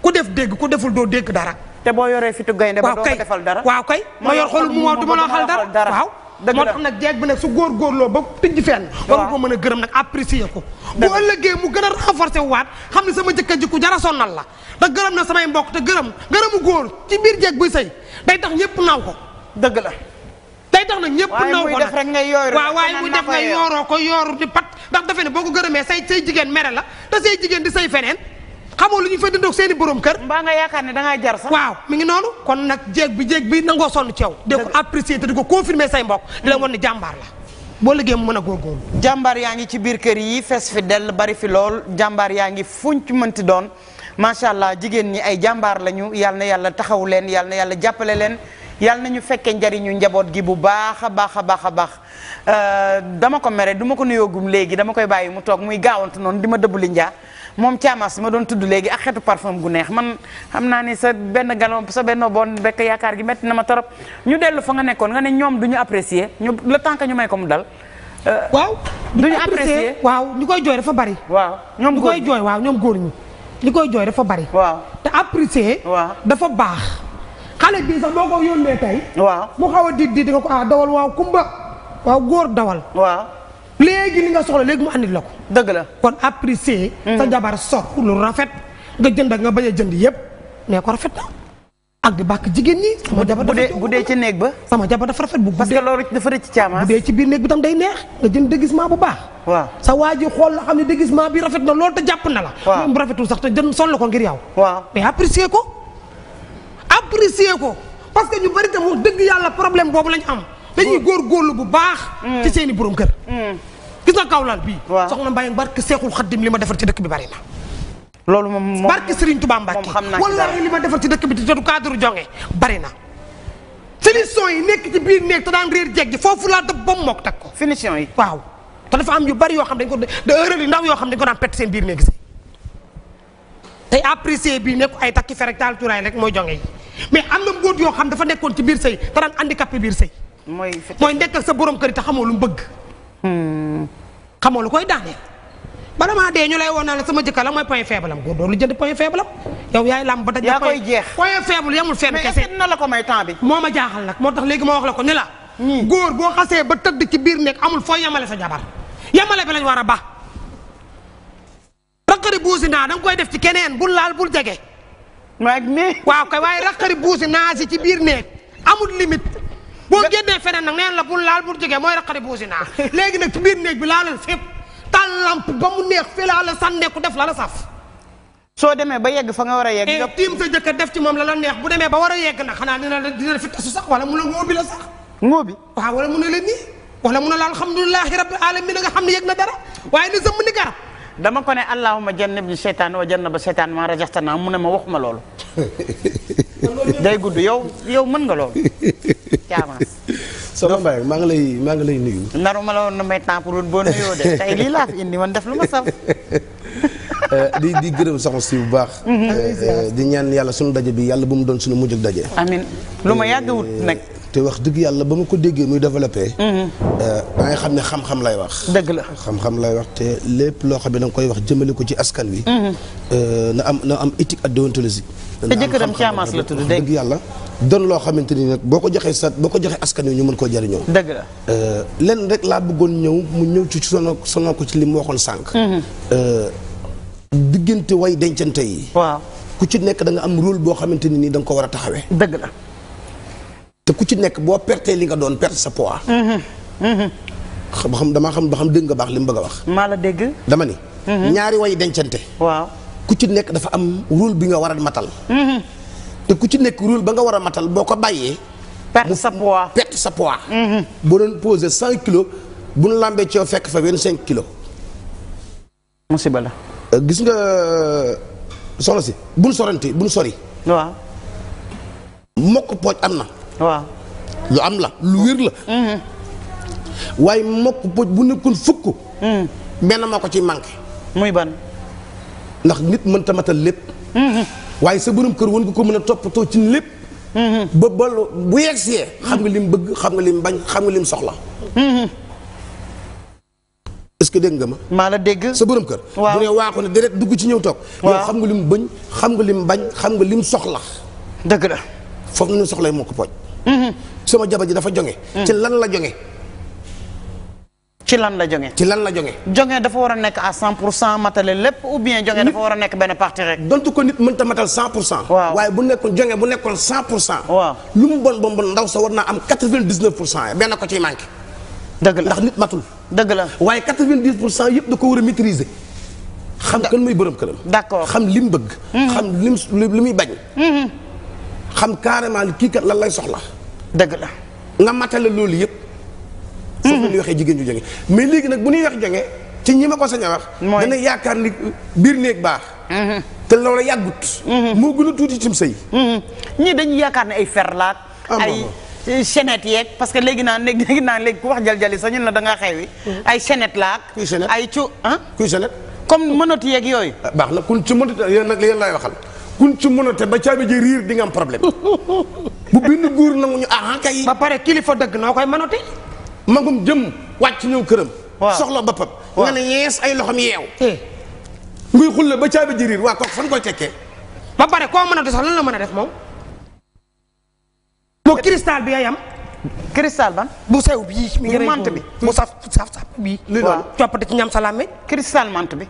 ku def dégg ku deful doo dégg dara te boo yoree fitu gaynde ba doo defal dara waaw kay ma yor xool mu ma du ma la waxal dara dëgg moo tax nag jeeg bi nag su góorgóorloo ba tijj fenn. waaw war nga mën a gërëm nag apprécier ko. bu ëllëgee mu gën a renforcer waat xam ne sama jëkkër ji ku jar a sonnal la. te gërëm na samay mbokk te gërëm gërëmu góor ci biir jeeg buy sëy day tax ñëpp naw ko. dëgg la. day tax nag ñëpp naw ko nag waaw waaye muy def nga yooroo ko yooru di pat ndax defe ne boo ko gërëmee say say jigéen mere la te say jigéen di say feneen. xamoo lu ñu fay dëndoog seeni i borom kër. mbaa nga yaakaar ne da ngaa jar sax. waaw mi ngi noonu kon nag jéeg bi jéeg bi nangoo sonn ci yow. dëgg de ko apprécier te di ko confirmer say mbokk. di la wan ne jàmbaar la. boo liggéey mu mën a góorgóorlu. jàmbaar yaa ngi ci biir kër yi fes fi dell bari fi lool jàmbaar yaa ngi fuñ ci mënti doon macha allah jigéen ñi ay jàmbaar lañu yal na yàlla taxawu leen yal na yàlla jàppale leen yal nañu fekkee njariñu njaboot gi bu baax a baax a baax a baax euh, dama ko mere du ma ko nuyoogum léegi dama koy bàyyi mu toog muy gaawante noonu di ma li njaa moom caamaas ma doon tudd léegi ak xeetu parfum gu neex man xam naa ni sa benn galon sa benn bon bekk yaakaar gi metti na ma torop ñu dellu fa nga nekkoon nga ne ñoom du ñu apprécier ñu le que ñu may ko mu dal. Euh, waaw du ñu apprécier waaw ñu koy jooy dafa bari. waaw ñoom góor koy jooy waaw ñoom góor ñi. koy jooy dafa bari. waaw te apprécier. waaw dafa baax. xale bii sax boo ko yónnee tey. waaw mu xaw a di di nga ko ah dawal waaw kumba waaw góor dawal. waaw. léegi li nga soxla léegi mu andil la ko. dëgg la kon apprécier. Mm. sa jabar sor lu rafet nga jënd ak nga bañ a jënd yëpp nee ko rafet na. ak di bàkk jigéen ñi. sama jabar dafa bu dee ci néeg ba. sama jabar dafa rafet bu. parce que loolu dafa rëcc caamaas. bu dee ci biir néeg bi tam day neex nga jënd déguisement bu baax. waaw sa waa xool la xam ne déguisement bi rafet na loolu te jàpp na la. waaw moom rafetul sax te jën sol la ko ngir yow. waaw mais apprécier ko. apprécier ko parce que ñu bari tam wax dëgg yàlla problème boobu lañu am. dañuy góorgóorlu bu baax. Mm. ci seeni borom kër. Mm. gis nga kawlal bii. waaw soxna Mbaye barke Seexul Xaddim li ma defar ci dëkk bi bari na. loolu moom moom barke Serigne Touba Mbacke wallaahi li ma defar ci dëkk bi te du cadre jonge bari na. finition yi nekk ci biir néeg te daan réer jeeg foofu laa dëpp ba mu mokk teg ko. finition yi waaw. te dafa am yu bari yoo xam dañ ko da erreur yi yoo xam dañ ko daan pett seen biir néeg tey apprécié bii nekk ay takki ferek taal cuuraay rek mooy jonge yi mais am na mbóot yoo xam dafa nekkoon ci biir sëy te daan handicapé biir sëy mooy nekk ak sa borom kër yi te xamoo lu mu bëgg. Hmm. xamoo lu koy daaneel ba damaa dee ñu lay woon naa la sama jëkkër la mooy point faible am góor lu jënd point faible am yow yaay làmb ba daj yaa koy jeex point faible yamul fenn kese mais na la ko may temps bi moo ma jaaxal nag moo tax léegi ma wax la ko ni la góor boo xasee ba tëdd ci biir nekk amul fooy yamale sa jabar yamale bi lañ war a ba raqari buusi naa da koy def ci keneen bul laal bul jege. waaw kay waaye raqari buusi naa si ci biir nekk amul limite boo génnee feneen nag neen la bul laal bul jógee mooy raqari buusi naa léegi nag ci biir néeg bi laalal fépp taal lamp ba mu neex fi laa la ku def la la saf soo demee ba yegg fa nga war a yegg nga eh, tiim sa def ci moom la la neex bu demee ba war a yegg nag xanaa dina la dina la fi wala mu la ngóobi la sax ngóobi waaw wala mu ne la nii wala mu na la alhamdulilahi rabbil alamin nga xam ne yegg na dara waaye li sëmm ni garab dama ko ne allahumma jannibni seytaan na jannaba seytaan maa rajaxtanaa mu ne ma waxuma loolu day gudd yow yow mën nga loolu caamaas sama Mbaye maa ngi lay maa ngi lay nuyu naruma la woon na may temps pour boo nuyoo de tey lii laa fi indi man def lu ma saf eh, di di gërëm si bu baax mhm. eh, eh, ñaan yàlla suñu daje bi yàlla bu mu doon suñu mujjug daje amin lu ma yàggawut nag te wax dëgg yàlla ba ma ko déggee muy développé. Mhm. Euh, da ngay xam ne xam-xam lay wax. dëgg la xam-xam lay wax te lépp loo xam ne da koy wax jëmale ko ci askan wi. Mhm. Euh, na am na am éthique ak déontologie. te jëkkëram caamaas la tudd dëgg loo xamante ni nag boo ko joxee sa boo ko joxee askan ñu mën koo jëriñoo. dëgg la euh, lenn rek laa bëggoon ñëw mu ñëw ci sono sono ko ci li mu waxoon sànq. Mhm. diggante way dencante yi. waaw ku ci nekk da nga am rôle boo xamante ni da nga ko war a taxawee. dëgg la. te ku ci nekk boo perte li nga doon perte sa poids. xam xam damaa xam ba xam dégg nga baax li mu bëgg a wax. maa la dégg. dama ni. Mhm. ñaari way dencante. waaw ku ci nekk dafa am rôle bi nga war a matal. Mhm. te ku ci nekk rôle ba nga war a matal boo ko bàyyee. perte sa poids perte sa poids. Mhm. boo doon posé cent kilos bu nu lambee coow fekk fa vingt cinq kilos. musiba la. Euh, gis nga soxna si buñ sorante buñ sori. mokk pooj am na. waaw lu am la lu wér la. Mm-hmm. waaye mokk poj bu nekkoon fukk. Mm. benn ma ko ci manqué. muy ban. ndax nit mënta matal lépp. Mm-hmm. waaye sa borom kër woon nga ko mën a toppatoo ci lépp. Mm-hmm. ba ba bu yegsee xam nga lim bëgg xam nga lim bañ xam nga lim soxla. est-ce que dégg nga ma. maa dégg. sa borom kër. waaw bu ne waaxu ci ñëw toog. waaw yow xam nga lim bëñ xam nga lim bañ xam nga lim soxla. dëgg la foofu la soxlay mokk poj. Mm-hmm. sama jabar ji dafa jonge mm. ci lan la jonge ci lan la jonge ci lan la jonge jonge dafa war a nekk à 100 pour cent matale lépp ou bien jonge dafa war a nekk benn partie dont ko nit mënta matal 100 pour cent. waaw waaye bu nekkoon jonge bu nekkoon 100 pour cent. waaw lu mu bon bon bon ndaw sa war naa am 99 pour cent benn ko ciy manqué. dëgg la ndax nit matul. dëgg la waaye 90 pour cent yëpp da ko war a maîtriser. xam nga kan muy borom këram. d'accord xam mm-hmm. li mu bëgg. xam li mu muy bañ. Mm-hmm. xam carrément kii kat lan lay soxla. dëgg la nga matale loolu yëpp. soo ko ñuy mhm. waxee jigéen ñu jóge mais léegi nag bu ñuy wax jóge ci ñi ma ko sañ a wax. mooy dana yaakaar ni biir néeg baax. Mhm. te loola yàggut. Mhm. moo gën a tuuti cim sëy. ñii dañuy yaakaar ne ay ferlaat. Ah, ay chaînette yeeg parce que léegi naan léegi naan léegi ku wax jaljali sax ñun la da ngaa xewi. ay chaînette laak. kuy chaînette ay cu ah. kuy chaînette. comme mënatu yeeg yooyu. Ah, baax na kun ci mënatu yéen nag yéen laay waxal. kuñ ci mën a te ba caabi ji riir di am problème bu benn góor nangu ñu ah kay. ba pare kilifa dëgg noo koy mënati. magum jëm wàcc ñëw këram. waaw soxla boppam. nga ne yees ay loxam yeew. Eh. nguy ba caabi ji riir waa kooku fan ba pare koo mënati sax lan la mën a def moom. boo cristal bi ay am. cristal ban bu sew bii. mi ngi bi mu saf saf saf bii. li doon ci ñam salaam mi cristal mant bi.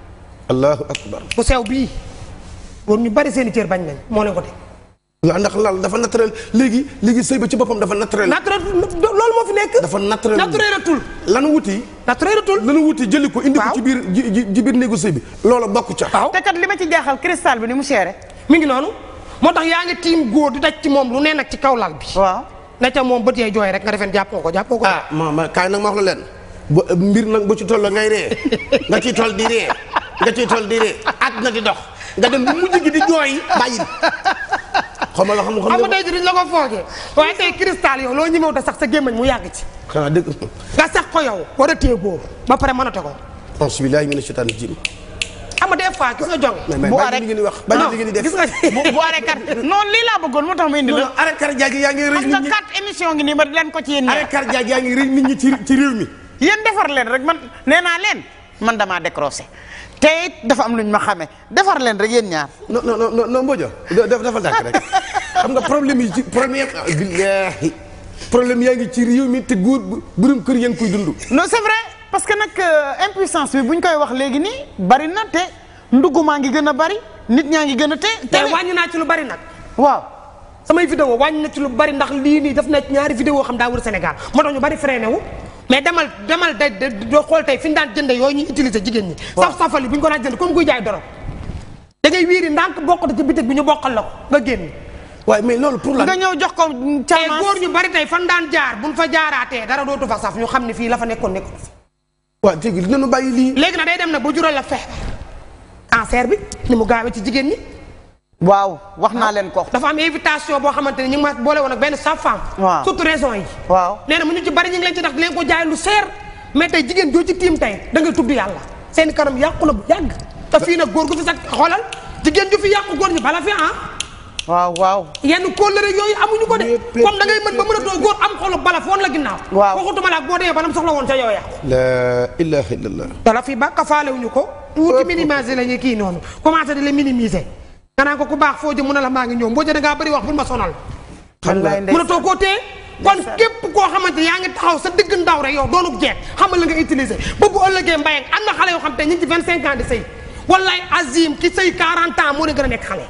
allahu akbar bu sew bii. góor ñu bari seen i cër bañ nañ moo leen ko teg. waaw ndax lal dafa naturel léegi léegi sëy ba ci boppam dafa naturel. naturel loolu moo fi nekk. dafa naturel naturelatul. lan wuti. naturelatul lan wuti jëli ko. indi ko ci biir ci biir néegu sëy bi. loolu bokku ca. waaw li ma ci jaaxal cristal bi ni mu seere mi ngi noonu moo tax yaa ngi tiim góor di daj ci moom lu nee nag ci kaw lal bi. waaw ne ca moom bët yee jooy rek nga defeen jàpp nga ko jàppoo nga ko. ah maama kaay nag ma wax la leen. mbir nag ba ci toll ngay ree nga ciy toll di ree nga ciy toll di ree at na dox nga dem bu mujj gi di jooy bàyyi xam nga loo xam nga day la ko foogee waaye tey cristal yow loo ñëmew ta sax sa gémmañ mu yàgg ci a dëgg nga sax yow war a ba pare mënate ko auzu billaahi mina shaytaani rajiim ama des fois gis nga jong bu arrêt ngeen di wax bañ li ngeen di def gis nga bu arrêt lii laa bëggoon moo tax indi la arrêt kat jaag yaa ngi rëy nit ñi leen ko ci yéen arrêt kat jaag yaa ngi rëy nit ñi mi yéen defar leen rek man nee naa leen man damaa décroché te it dafa am lu ñu ma xamee defar leen rek yéen ñaar. non non non non Mbodj dafa dàkk rek xam nga problème yi ci première problème yaa ngi ci réew mi te góor burum kër yaa ngi koy dundu non c'est vrai parce que nag euh, impuissance bi bu ñu koy wax léegi nii bari na te ndugg maa ngi gën a bari nit ñaa ngi gën a te. te wàññi naa ci lu bari nag. waaw. samay vidéo wàññi na ci lu bari ndax lii nii daf na ñaari vidéo xam daa wër Sénégal moo tax ñu bari freiné wu. mais demal demal day doo xool tey fi ñu daan jënde yooyu ñuy utiliser jigéen ñi saf safali bu ñu ko daan jënd comme kuy jaay dorog da ngay wiiri ndànk bokkatu ci bitig bi ñu bokkal la ko nga génn waaye mais loolu pour la nga ñëw jox ko tey góor ñu bari tey fan daan jaar bu buñ fa jaaraatee dara dootu fa saf ñu xam ne fii la fa nekkoon nekkoon waaw léegi dinañu bàyyi lii léegi na day dem nag bu jural la feebar cancer bi ni mu gaawee ci jigéen ñi waaw wax naa leen ko. dafa am invitation boo xamante ne ñu ngi ma boole woon ak benn sa surtout raison yi. waaw mu ñu ci bari ñu ngi leen ci tax di leen ko jaay lu seer. mais tey jigéen joo ci tiim tey da ngay tudd yàlla seen kanam yàqu la bu yàgg. te fii nag góor gu fi sax xoolal jigéen ju fi yàqu góor ñu bala fi ah. waaw waaw yenn kóllëre yooyu amuñu ko de comme da ngay mën ba mën a too góor am xolu bala foon la ginnaaw waaw waxutuma laa boo woon la ilaha illallah dala fi ba ka faale wuñu ko tuuti minimiser la ñu kii noonu commencé di la minimiser nga naan ko ku baax foo jë mun a la maa ngi ñëw mbooja da ngaa bëri wax pour ma sonal mënatoo koo tee kon képp koo xamante yaa ngi taxaw sa digg ndaw rek yow doonu jeeg xam la nga utiliser ba bu ëllëgee mbayang am na xale yoo xam te ñu ngi ci vingt cinq ans di sëy wallaay azim ki sëy quarante ans a nekk xale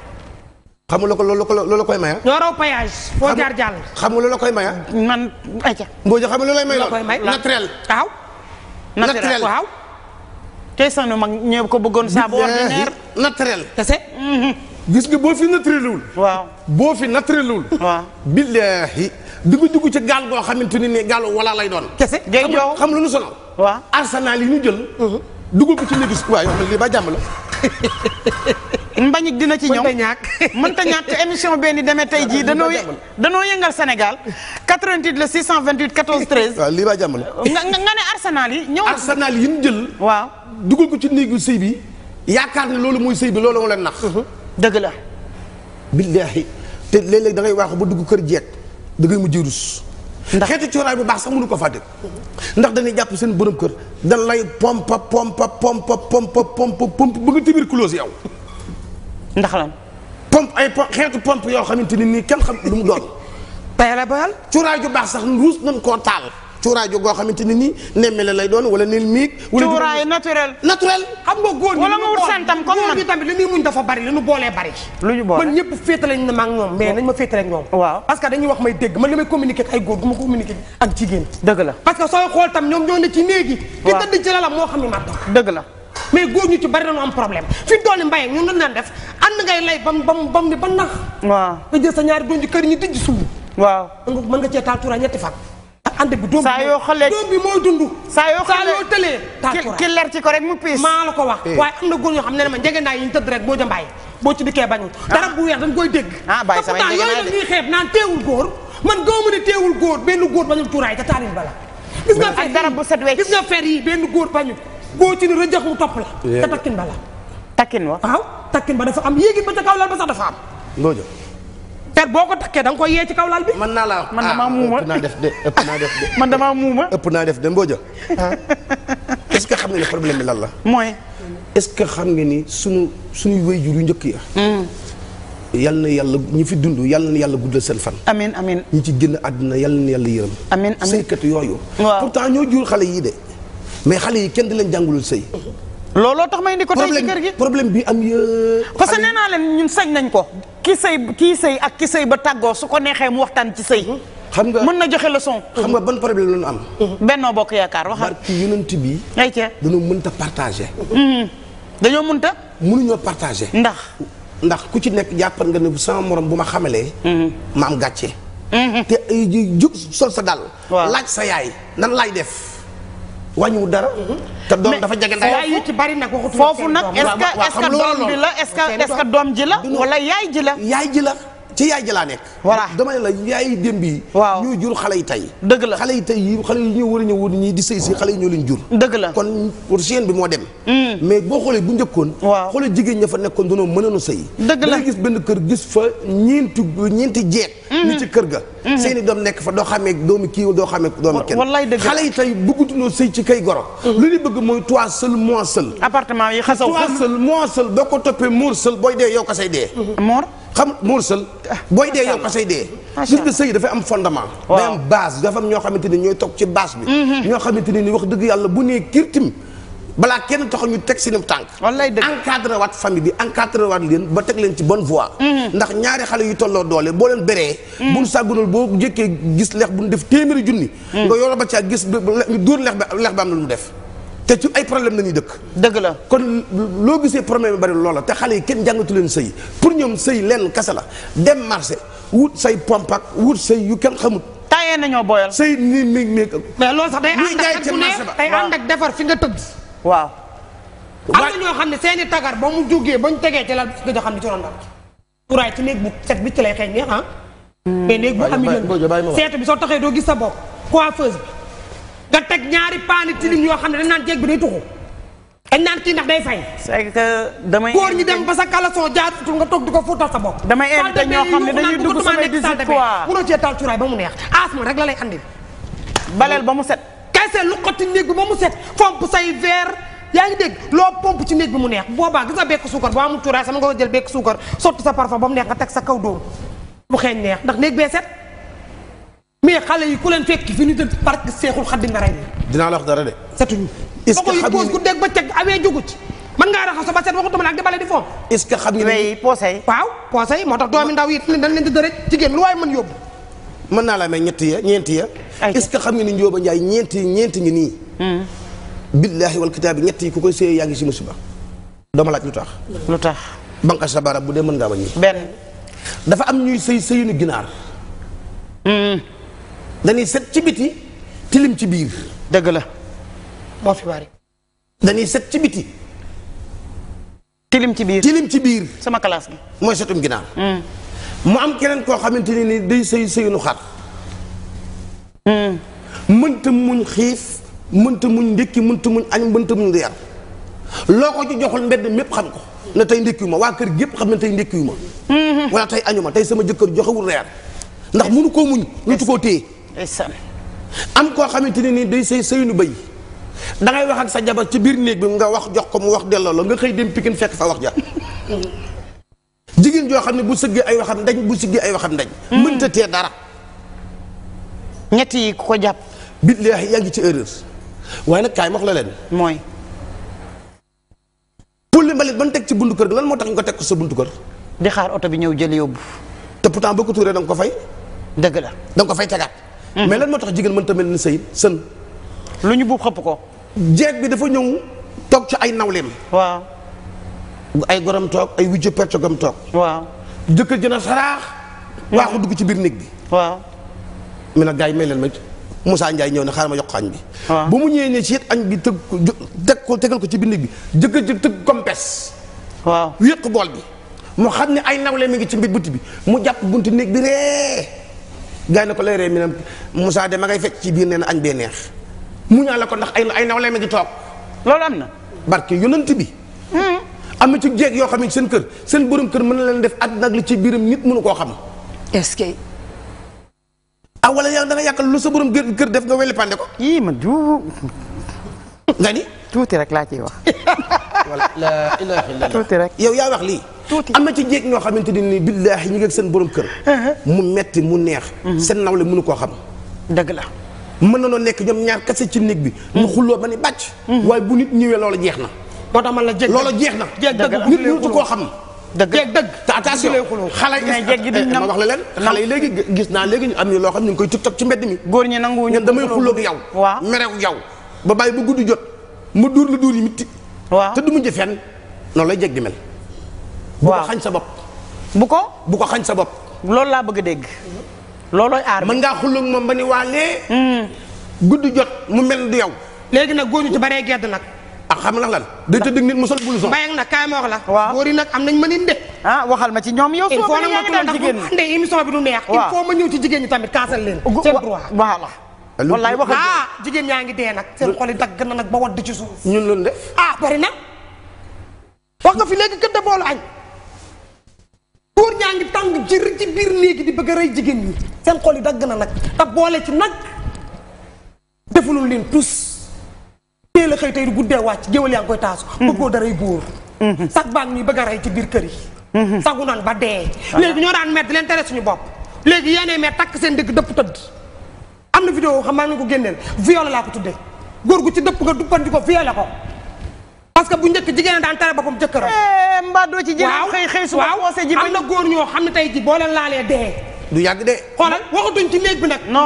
xam nga ko loolu koy maya ñoo raw payage foo jaar jàll xam nga loolu koy maya man aca mbooja xam nga loolu lay may lool naturel waaw naturel waaw kay sanu mag ñëw ko bëggoon sa bo eh, ordinaire naturel kese gis nga boo fi nattrelewul waaw boo fi nattrelewul waaw billaahi dugg dugg ci gaal goo xamante ni ne gaalu wala lay doon kese xam lu nu sonal waaw arsenal yi ñu jël uh-huh. dugg ko ci négus waaw ba jàmm la dina ci ñëw mënta ñàkk émission benn demee tey jii danoo danoo yëngal Sénégal 88 la 628 14 13. waaw lii ba jàmm la. nga nga yi ñëw. jël. waaw dugal ko ci néegu sëy bi yaakaar ne loolu mooy sëy bi loolu moo leen nax. Uh-huh. dëgg la. billaahi te léeg-léeg da ngay waaxu ba dugg kër jeet da ngay mujj rus. ndax xeetu cooraay bu baax sax mënu ko fàtte. ndax dañuy jàpp seen borom kër dan lay pompa pompa pompa pompa pompa pomp ba nga tuberculose yow. ndax lan. pompe ay pompe xeetu pompe yoo xamante ni nii kenn xam lu mu doon. bayal bayal. cooraay ju baax sax ruus nañ koo taal. cuuraay ju goo xamante ni nii nemmele lay doon wala nil miig. wala cuuraay naturel. naturel xam nga góor ñi. wala nga wut santam comme tamit li muy muñ dafa bari li nu boolee bari. lu ñu boole ñëpp féetale ñu ne ma mais nañ ma féetale ak ñoom. waaw parce que dañuy wax may dégg man li may communiquer ak ay góor du ma communiquer ak jigéen. dëgg la parce que sooy xool tam ñoom ñoo ne ci néegi. waaw ki ci lalam moo xam ne ma tax. dëgg la. mais góor ñu ci bari dañu am problème fi mu toll nii Mbaye ñun dañu def ànd ngay lay bam bam bam ba nax. waaw nga jël sa ñaari doon ci kër ñi dijj suuf. waaw mën nga cee taal tuura ñetti fan ànd bi doom saa yoo xoolee doom bi mooy dund saa yoo xoolee saa yoo tëlee ki leer ci ko rek mu piis maa la ko wax eh. waaye am na góor yoo xam ne ne ma njegenaay yi ñu tëdd rek boo ja mbaay boo ci dikkee bañu ah. dara bu weex dañ koy dégg ah bàyyi sama njegenaay yooyu la ñuy xeeb naan teewul góor man gawma ne teewul góor benn góor bañul cuuraay te taalin bala gis nga fer dara bu set wecc gis nga fer yi benn góor bañu boo ci ni rëjax mu topp la te takkin bala takkin wa waaw takkin ba dafa am yéegi ba ca kaw lal ba sax dafa am per boo takkee da nga koy yee ci kaw lal bi. man naa la man damaa ah, muuma ëpp naa def de ëpp naa def de. man damaa muuma. ëpp naa def de ah. est-ce que xam nga ni problème bi lan la. mooy. est-ce que xam nga ni sunu suñu wéyjur yu njëkk ya. Hmm. yal na yàlla ñi fi dund yal na yàlla guddal seen fan. amiin amiin ñi ci génn àdduna yal na yàlla yërëm. amiin sëykat yooyu. waaw pourtant ñoo jur xale yii de mais xale yi kenn di leen jàngulul sëy mhm. looloo tax ma indi ko tey ci kër gi problème bi am yëpp. parce que nee leen ñun sañ nañ ko. ki sëy kii sëy ak ki sëy ba tàggoo su ko neexee mu waxtaan ci sëy xam nga mën na joxe leçon. xam nga ban problème la ñu am. Benno Bokk Yaakaar waxal. barki yonent bi. ay ca dañoo mënta partagé. dañoo mënta. mënuñoo partagé. ndax. ndax ku ci nekk jàppal nga ne sama moroom bu ma xamalee. ma am gàcce. te jug sol sa dal. laaj sa yaay nan laay def. wàññiwul dara. te doom dafa jege ndax yaay yu ci bari nag foofu nag est-ce que est-ce doom bi la est-ce doom ji la. wala yaay ji yaay ji ci yaay ji laa nekk. voilà dama ne la yaay yi. waaw ñoo jur xale yi tey. dëgg la xale yi tey yi ñoo war a ñëw woon ñii di sëy si xale yi ñoo leen jur. dëgg la kon chaîne bi moo dem. Hmm. mais boo xoolee bu njëkkoon. waaw xoolee jigéen ña fa nekkoon dañoo mënoon a sëy. dëgg la gis benn kër gis fa ñeenti ñeenti jeet. ni hmm. ga. Hmm. seen i doom nekk fa doo xamee doomi kii doo xamee doomi kenn. wallaay dëgg la xale yi tey bëggutunoo sëy ci kay goro. lu ñu bëgg mooy toi seul moi seul. appartement boo ko toppee muur seul booy dee yow kasay dee. xam mursal booy dee yow kasay dee gis nga sëy dafay am fondement day am base dafa ñoo xamante ni ñooy toog ci base bi mhm. ñoo xamante ni wax dëgg yàlla bu nee kirtim balaa kenn taxaw ñu teg si seen tànk encadré waat famille bi encadré waat leen ba teg leen ci bonne voie mhm. ndax ñaari xale yu tolloo doole boo leen beree mhm. buñ sàggunal boo jëkkee gis lex bu nu def téeméeri junni nga yoro ba caa gis dóor lex ba lex ba am na lu mu def te ci ay problème la ñuy dëkk. dëgg la kon loo gisee problème yu bari loola te xale yi kenn jàngatu leen sëy pour ñoom sëy leen kasa la dem marché wut say pompe wut sëy yu kenn xamut. taayee nañoo booyal. sëy nii nii nii. mais loolu sax day ànd ak at bu ne day ànd defar fi nga tëdd. waaw. am na ñoo xam ne seeni tagar ba mu jógee ba ñu tegee ci la nga xam ne ci doon dara. cuuraay ci néeg bu set bi ci lay xeeñ neex ah. Hmm. mais néeg bu am million seetu bi soo taxee doo gis sa bopp coiffeuse bi nga teg ñaari paani tilim yoo xam ne dañ naan jeeg bi day tuxu dañ naan kii ndax day fay. c'est que damay góor ñi dem ba sa caleçon jaaratul nga toog di ko fóotal sa bopp. damay invité ñoo xam ne dañuy dugg samay 18 fois mënoo cee taal cuuraay ba mu neex asma rek la lay andil. baleel ba mu set. kese lu xotti néeg bi ba mu set fomp say verre. yaa ngi dégg loo pomp ci néeg bi mu neex boobaa gis nga bekk suukar boo amul cuuraay sama nga jël bekk suukar sotti sa parfum ba mu neex nga teg sa kaw dóor mu xeeñ neex ndax néeg bee set mais xale yi ku leen fekk fi ñu dem parc Seexul Xaddim nga rey dinaa la wax dara de. setuñu est ce que xam nga ku dégg ba ceg awee jugu ci. mën ngaa raxasoo ba set waxutuma nag di que xam nga ni poosay. waaw poosay moo tax doomi ndaw yi dañ leen di dërëj jigéen lu waaye mën yóbbu. mën naa la amee ñetti ya ñeenti ya. est ce que xam nga ni Ndioba Ndiaye ñeenti ñeenti ngi nii. Hmm. billaahi wal kitaab bi ñett yi ku koy seeyee yaa ngi si musiba. dama laaj lu tax. lu tax. banqa sa barab bu dee mën ngaa bañ. benn dafa am ñuy sëy sëyinu ginaar. Hmm. dañuy set ci biti tilim ci biir dëgg la moo fi bari dañuy set ci biti tilim ci biir ci biir sama classe bi mooy setum ginnaaw hmm. mu am keneen koo xamante ne ni day sëy sëyunu xar hmm. mënta muñ xiif mënta muñ ndékki mënta muñ añ mënta muñ reer loo ko ci joxul mbedd mépp xam ko na tey ndékkiwu ma waa kër gépp xam ne tey ndékkiwu ma hmm. tey añu tey sama jëkkër joxewul reer ndax mënu koo muñ mënatu koo téye ndeysaan am koo xamante ne nii day sëy sëynu bëy da ngay wax ak sa jabar ci biir néeg bi nga wax jox ko mu wax delloo la nga xëy dem Pikine fekk fa wax ja jigéen joo xam ne bu sëggee ay waxam ndañ bu sëggee ay waxam ndañ hmm. mënta tee dara ñetti yi ku ko jàpp billaahi yaa ngi ci erreur waaye nag kaay wax la leen mooy pulli mbalit ba nu teg ci buntu kër gi lan moo tax ñu ko teg ko sa buntu kër di xaar oto bi ñëw jël yóbbu te pourtant boo ko tuuree danga ko fay dëgg la danga ko fay tegaat Mm-hmm. mais lan moo tax jigéen mën ta mel ni sëy sën lu ñu buub xëpp ko jeeg bi dafa ñëw toog ci ay nawleem waaw ay goram toog ay wujju peccogam toog waaw jëkkër jën a saraax mm-hmm. waaxu dugg ci biir néeg bi waaw mi nag gars yi may ma musaa Ndiaye ñëw ne xaaral ma yokk añ bi bu mu ñëwee ne ci yet añ bi tëgg ko teg ko tegal ko ci biir néeg bi jëkkër ji tëgg kompes waaw wéq bool bi mu xam ne ay nawle mi ngi ci mbit bunt bi mu jàpp buntu néeg bi ree gaa ne ko lay ree mi ne Moussa de ma ngay fecc ci biir nee na añ bee neex mu ñaa la ko ndax ay ay naw lay ma di toog loolu am na barke yonent bi hmm. am na ci jeeg yoo xam ne seen kër seen borom kër mën na leen def àddina ak li ci biiram nit mënu koo xam est-ce que ah wala yaa da nga lu sa borom kër def nga weli pande ko yii man du nga ni tuuti rek laa ciy wax wala la ilaha illallah tuuti rek yow yaa wax lii tuuti am na ci jéeg ñoo xamante ne nii billaahi ñu ngi ak seen borom kër. Uh-huh. mu metti mu neex. Uh-huh. seen nawle mënu koo xam. dëgg la. mën na noo nekk ñoom ñaar kase ci néeg bi. ñu uh-huh. xulloo ba ni bàcc. waaye bu nit ñëwee loolu jeex na. moo tax man la jéeg jeex na. jéeg dëgg nit ñi koo xam. dëgg jéeg dëgg te attention xale yi eh, ma wax la leen xale yi léegi gis naa léegi ñu am ñu loo xam ñu ngi koy tiktok ci mbedd mi góor ñi nanguwuñu ñoom damay xulloog yow waaw merew yow ba bàyyi ba guddi jot mu duur lu duur yi mitti waaw te du mujj fenn noonu lay jeg di mel bu xañ sa bopp. bu ko bu ko xañ sa bopp. loolu laa bëgg a dégg. loolooy aar mën ngaa xullu moom ba ni waa lee. Hmm. gudd jot mu mel du yow. léegi nag góor ñu ci bare gedd nag. ak ah, xam nga lan day tëdd nit mu sol blouson. mbay ak nag kaay ma wax la. waaw góor yi nag am nañ ah, waxal ma ñoom yow. soo bëri yaa ngi daan jigéen émission bi du neex. waaw il faut ma ñëw ci jigéen ñi tamit kaasal leen. seen droit voilà. Ah, wallaay waxal ah jigéen ñaa ngi dee nag. seen xol yi dagg na nag ba wadd ci suuf. ñun loolu de. ah bari na. wax nga fi léegi kër de boolu añ góor ñaa ngi tàng jër ci biir néegi di bëgg a rey jigéen ñi seen xol yi dagg na nag te boole ci nag defulul leen tus teel a xëy tey guddee wàcc géwal yaa ngi koy taasu mhm. bëggoo daray góor mhm. sax baa ngi ñuy bëgg a rey ci biir kër yi mhm. sagu nan ba dee léegi ñoo daan mett leen tere suñu bopp léegi yéenee met takk seen dëgg dëpp tëdd am na vidéo xam naa ko génneel viol laa ko tuddee góor gu ci dëpp nga duppandi ko violé ko parce que bu njëkk jigéen daan tere boppam jëkkëram. Eh, mbaa ci jigéen xëy xëy su ma ji am na góor ñoo xam ne tey ji boo leen laalee dee. du yàgg de. xoolal waxatuñ ci néeg bi nag. non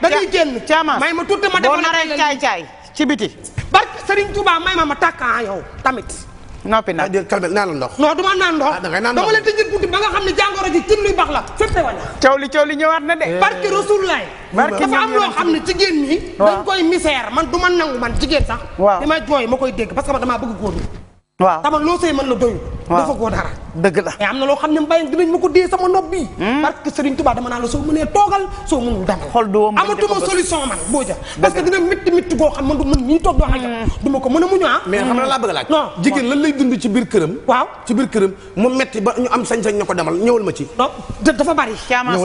da ngay génn caaman may ma tuuti ma de boo naree caay caay ci biti. barke Serigne Touba may ma ma tàkk yow tamit. noppi naa calme naa la naan ndox. Ah, da ngay naan ndox dama leen tëjee buntu ba nga xam ne jàngoro ji cin luy baax la fépp waña. coow li coow li na de. Eh. barki Rasulullah. barki dafa am loo xam ne jigéen ñi. dañ koy misère man du ma nangu man jigéen sax. waaw li may jooy ma koy dégg parce que man damaa bëgg góor waaw tabax loo sëy mën la doyul dafa koo dëgg la mais am na loo xam ne mbay dinañ ma ko dee sama nopp bi hmm? parce que Serigne Touba dama naa la soo mënee toogal soo mënul demal xol du amatuma solution man boo du hmm. ma ko mën a muñu ah mais xam na laa bëgg a laaj jigéen lan lay dund ba ñu am sañ-sañ na ko demal ñëwal ma ci dafa bari parce que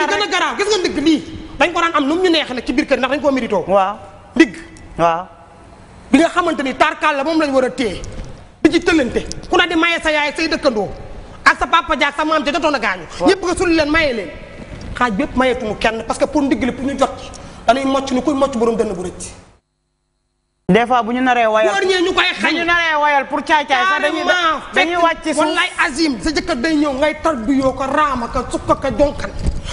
li a garaaw gis nga ndigg lii dañ ko daan am nu mu ñu neex nag ci biir kër ndax dañ koo méritoo waaw bi nga xamante ni tarkaal la moom lañ war a téye di ci tëllante ku ne di maye sa yaay say dëkkandoo ak sa papa jaak sa maam ja jotoon a gaañu ñëpp nga sulli leen maye leen xaaj bépp mayeetu mu kenn parce que pour ndigal pour ñu jot ci dañuy mocc ni kuy mocc borom dënn bu rëcc des fois bu ñu naree wayal góor ñee ñu koy xañ bu ñu naree wayal pour caay caay sax dañuy dañuy wàcc suuf wallaay azim sa jëkkër day ñëw ngay tarbiyoo ko raama ko sukka ko jonkan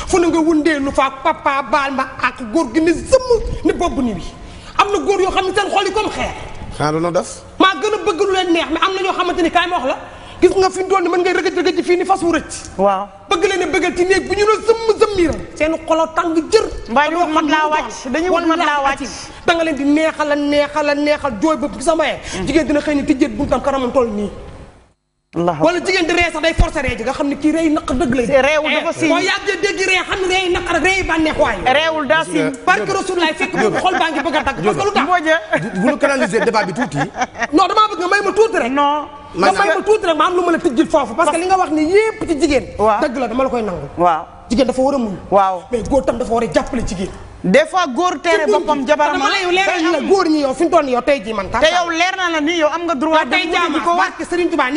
fu ne nga wundeelu faa papa baal ma ak góor gi ne sëmm ne bopp ni wi am na góor yoo xam ne seen xol yi comme xeer xanaa doon na def. maa gën a bëgg lu leen neex mais am na ñoo xamante ni kaay la gis nga fi mu toll nii mën ngay rëgëj rëgëj fii ni fas wu rëcc. waaw bëgg leen a bëggal ci néeg bu ñu ne sëmm sëmmiram. seen xolo tàng jër. mbaa ñu mat laa wàcc dañuy wan mat laa wàcc. da nga leen di neexal a neexal a neexal jooy ba sama yee. Mm. jigéen dina xëy ni tijjeet buntam kanamam toll nii wala jigéen di ree sax day forcer ree ji nga xam kii rey naq dëgg lay eh, reewul dafa eh, siiñ boo yàggee dégg ree eh, fekk boobu xol baa ngi bëgg a dagg parce que lu tax bu ñu canaliser débat bi tuuti non damaa bëgg nga may ma tuuti rek nga may ma tuuti rek lu ma la foofu parce que li nga wax ni yépp ci jigéen dëgg la dama la nangu jigéen dafa war a muñ waaw mais góor tam dafa war a jigéen des fois góor tere boppam jabaram la góor ñi yow fi mu toll nii yow tey jii man te yow leer na la ni yow am nga droit de di ko wax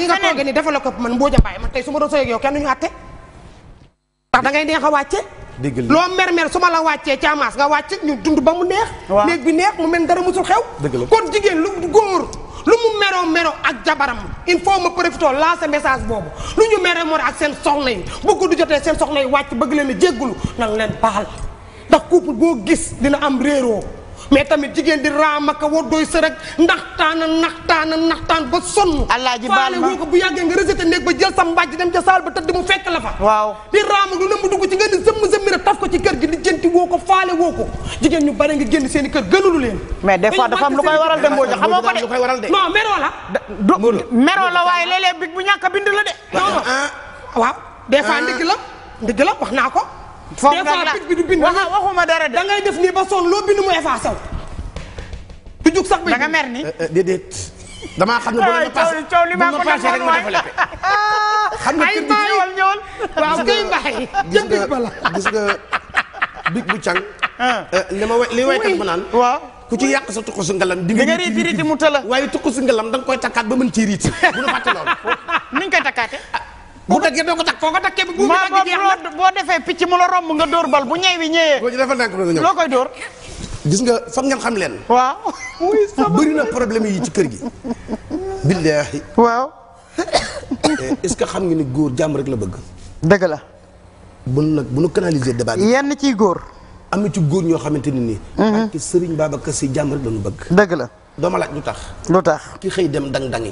barke ni defal ko man Mbodja Mbaye man tey su ma doon soyeg yow kenn duñu àtte ndax neex a wàcce loo mer mer su ma la wàccee caamaas nga wàcce ñu dund ba mu neex néeg bi neex mu mel dara musul xew kon jigéen lu góor lu mu meroo meroo ak jabaram il faut ma profité lancer message boobu lu ñu meroo meroo ak seen soxna yi bëgg du jotee seen soxna yi wàcc bëgg leen a jéggulu nang leen baal tax couple boo gis dina am réeroo mais tamit jigéen di raamaka woddooy sa rek naxtaana naxtaana naxtaan ba sonn alaaji faale woo ko bu yàggee nga rejeté néeg ba jël sa mbàjj dem ca saal ba tëdd mu fekk la fa waaw di raama lu nëmb dugg ci nga ni sëmm sëmmi rek taf ko ci kër gi di jënti woo ko faale woo ko jigéen ñu bare nga génn seen i kër gënulu leen mais des fois dafa am lu koy waral de mbooja xamoo ko de lu meroo la meroo la waaye léeg-léeg bi bu ñàkk la de ah. waaw des fois ah. ndigg la ndigg la wax naa ko foofu nag la bi du bind. waxuma dara de da ngay def nii ba sonn loo bind mu effacé wu. du jug sax bi da nga mer ni. Eh, eh, déedéet damaa xam ne bu ma passé bu ma passé rek ma développé. xam nga kër gi ñëwal ñëwal. waaw kay mbaay gis nga gis nga big bu cang. Ah. Eh, li ma li waykat ma naan. waaw ku ci yàq sa tuqu si ngalam. di nga riiti riiti mu tala. waaye tuqu si ngalam da nga koy takkaat ba mën ci riiti bu nu fàtte loolu. ni ñu koy takkaate. Ah, bu daggee doo ko takk foo ko takkee bu guub bi boo defee picc mu la romb nga dóor bal bu ñëw wi ñëwee. dafa nànk nga loo koy dóor. gis nga foog ngeen xam leen. waaw. bëri na problème yi ci kër gi. billaahi. waaw. Eh, est-ce que xam nga ni góor jàmm rek la bëgg. dëgg la. bu nu nag bu nu canaliser débat yenn ciy góor. am na ci góor ñoo xamante ne nii. ak ki Serigne Babacar Sy jàmm rek la bëgg. dëgg la. doo ma laaj lu tax. lu tax ki xëy dem dang dangi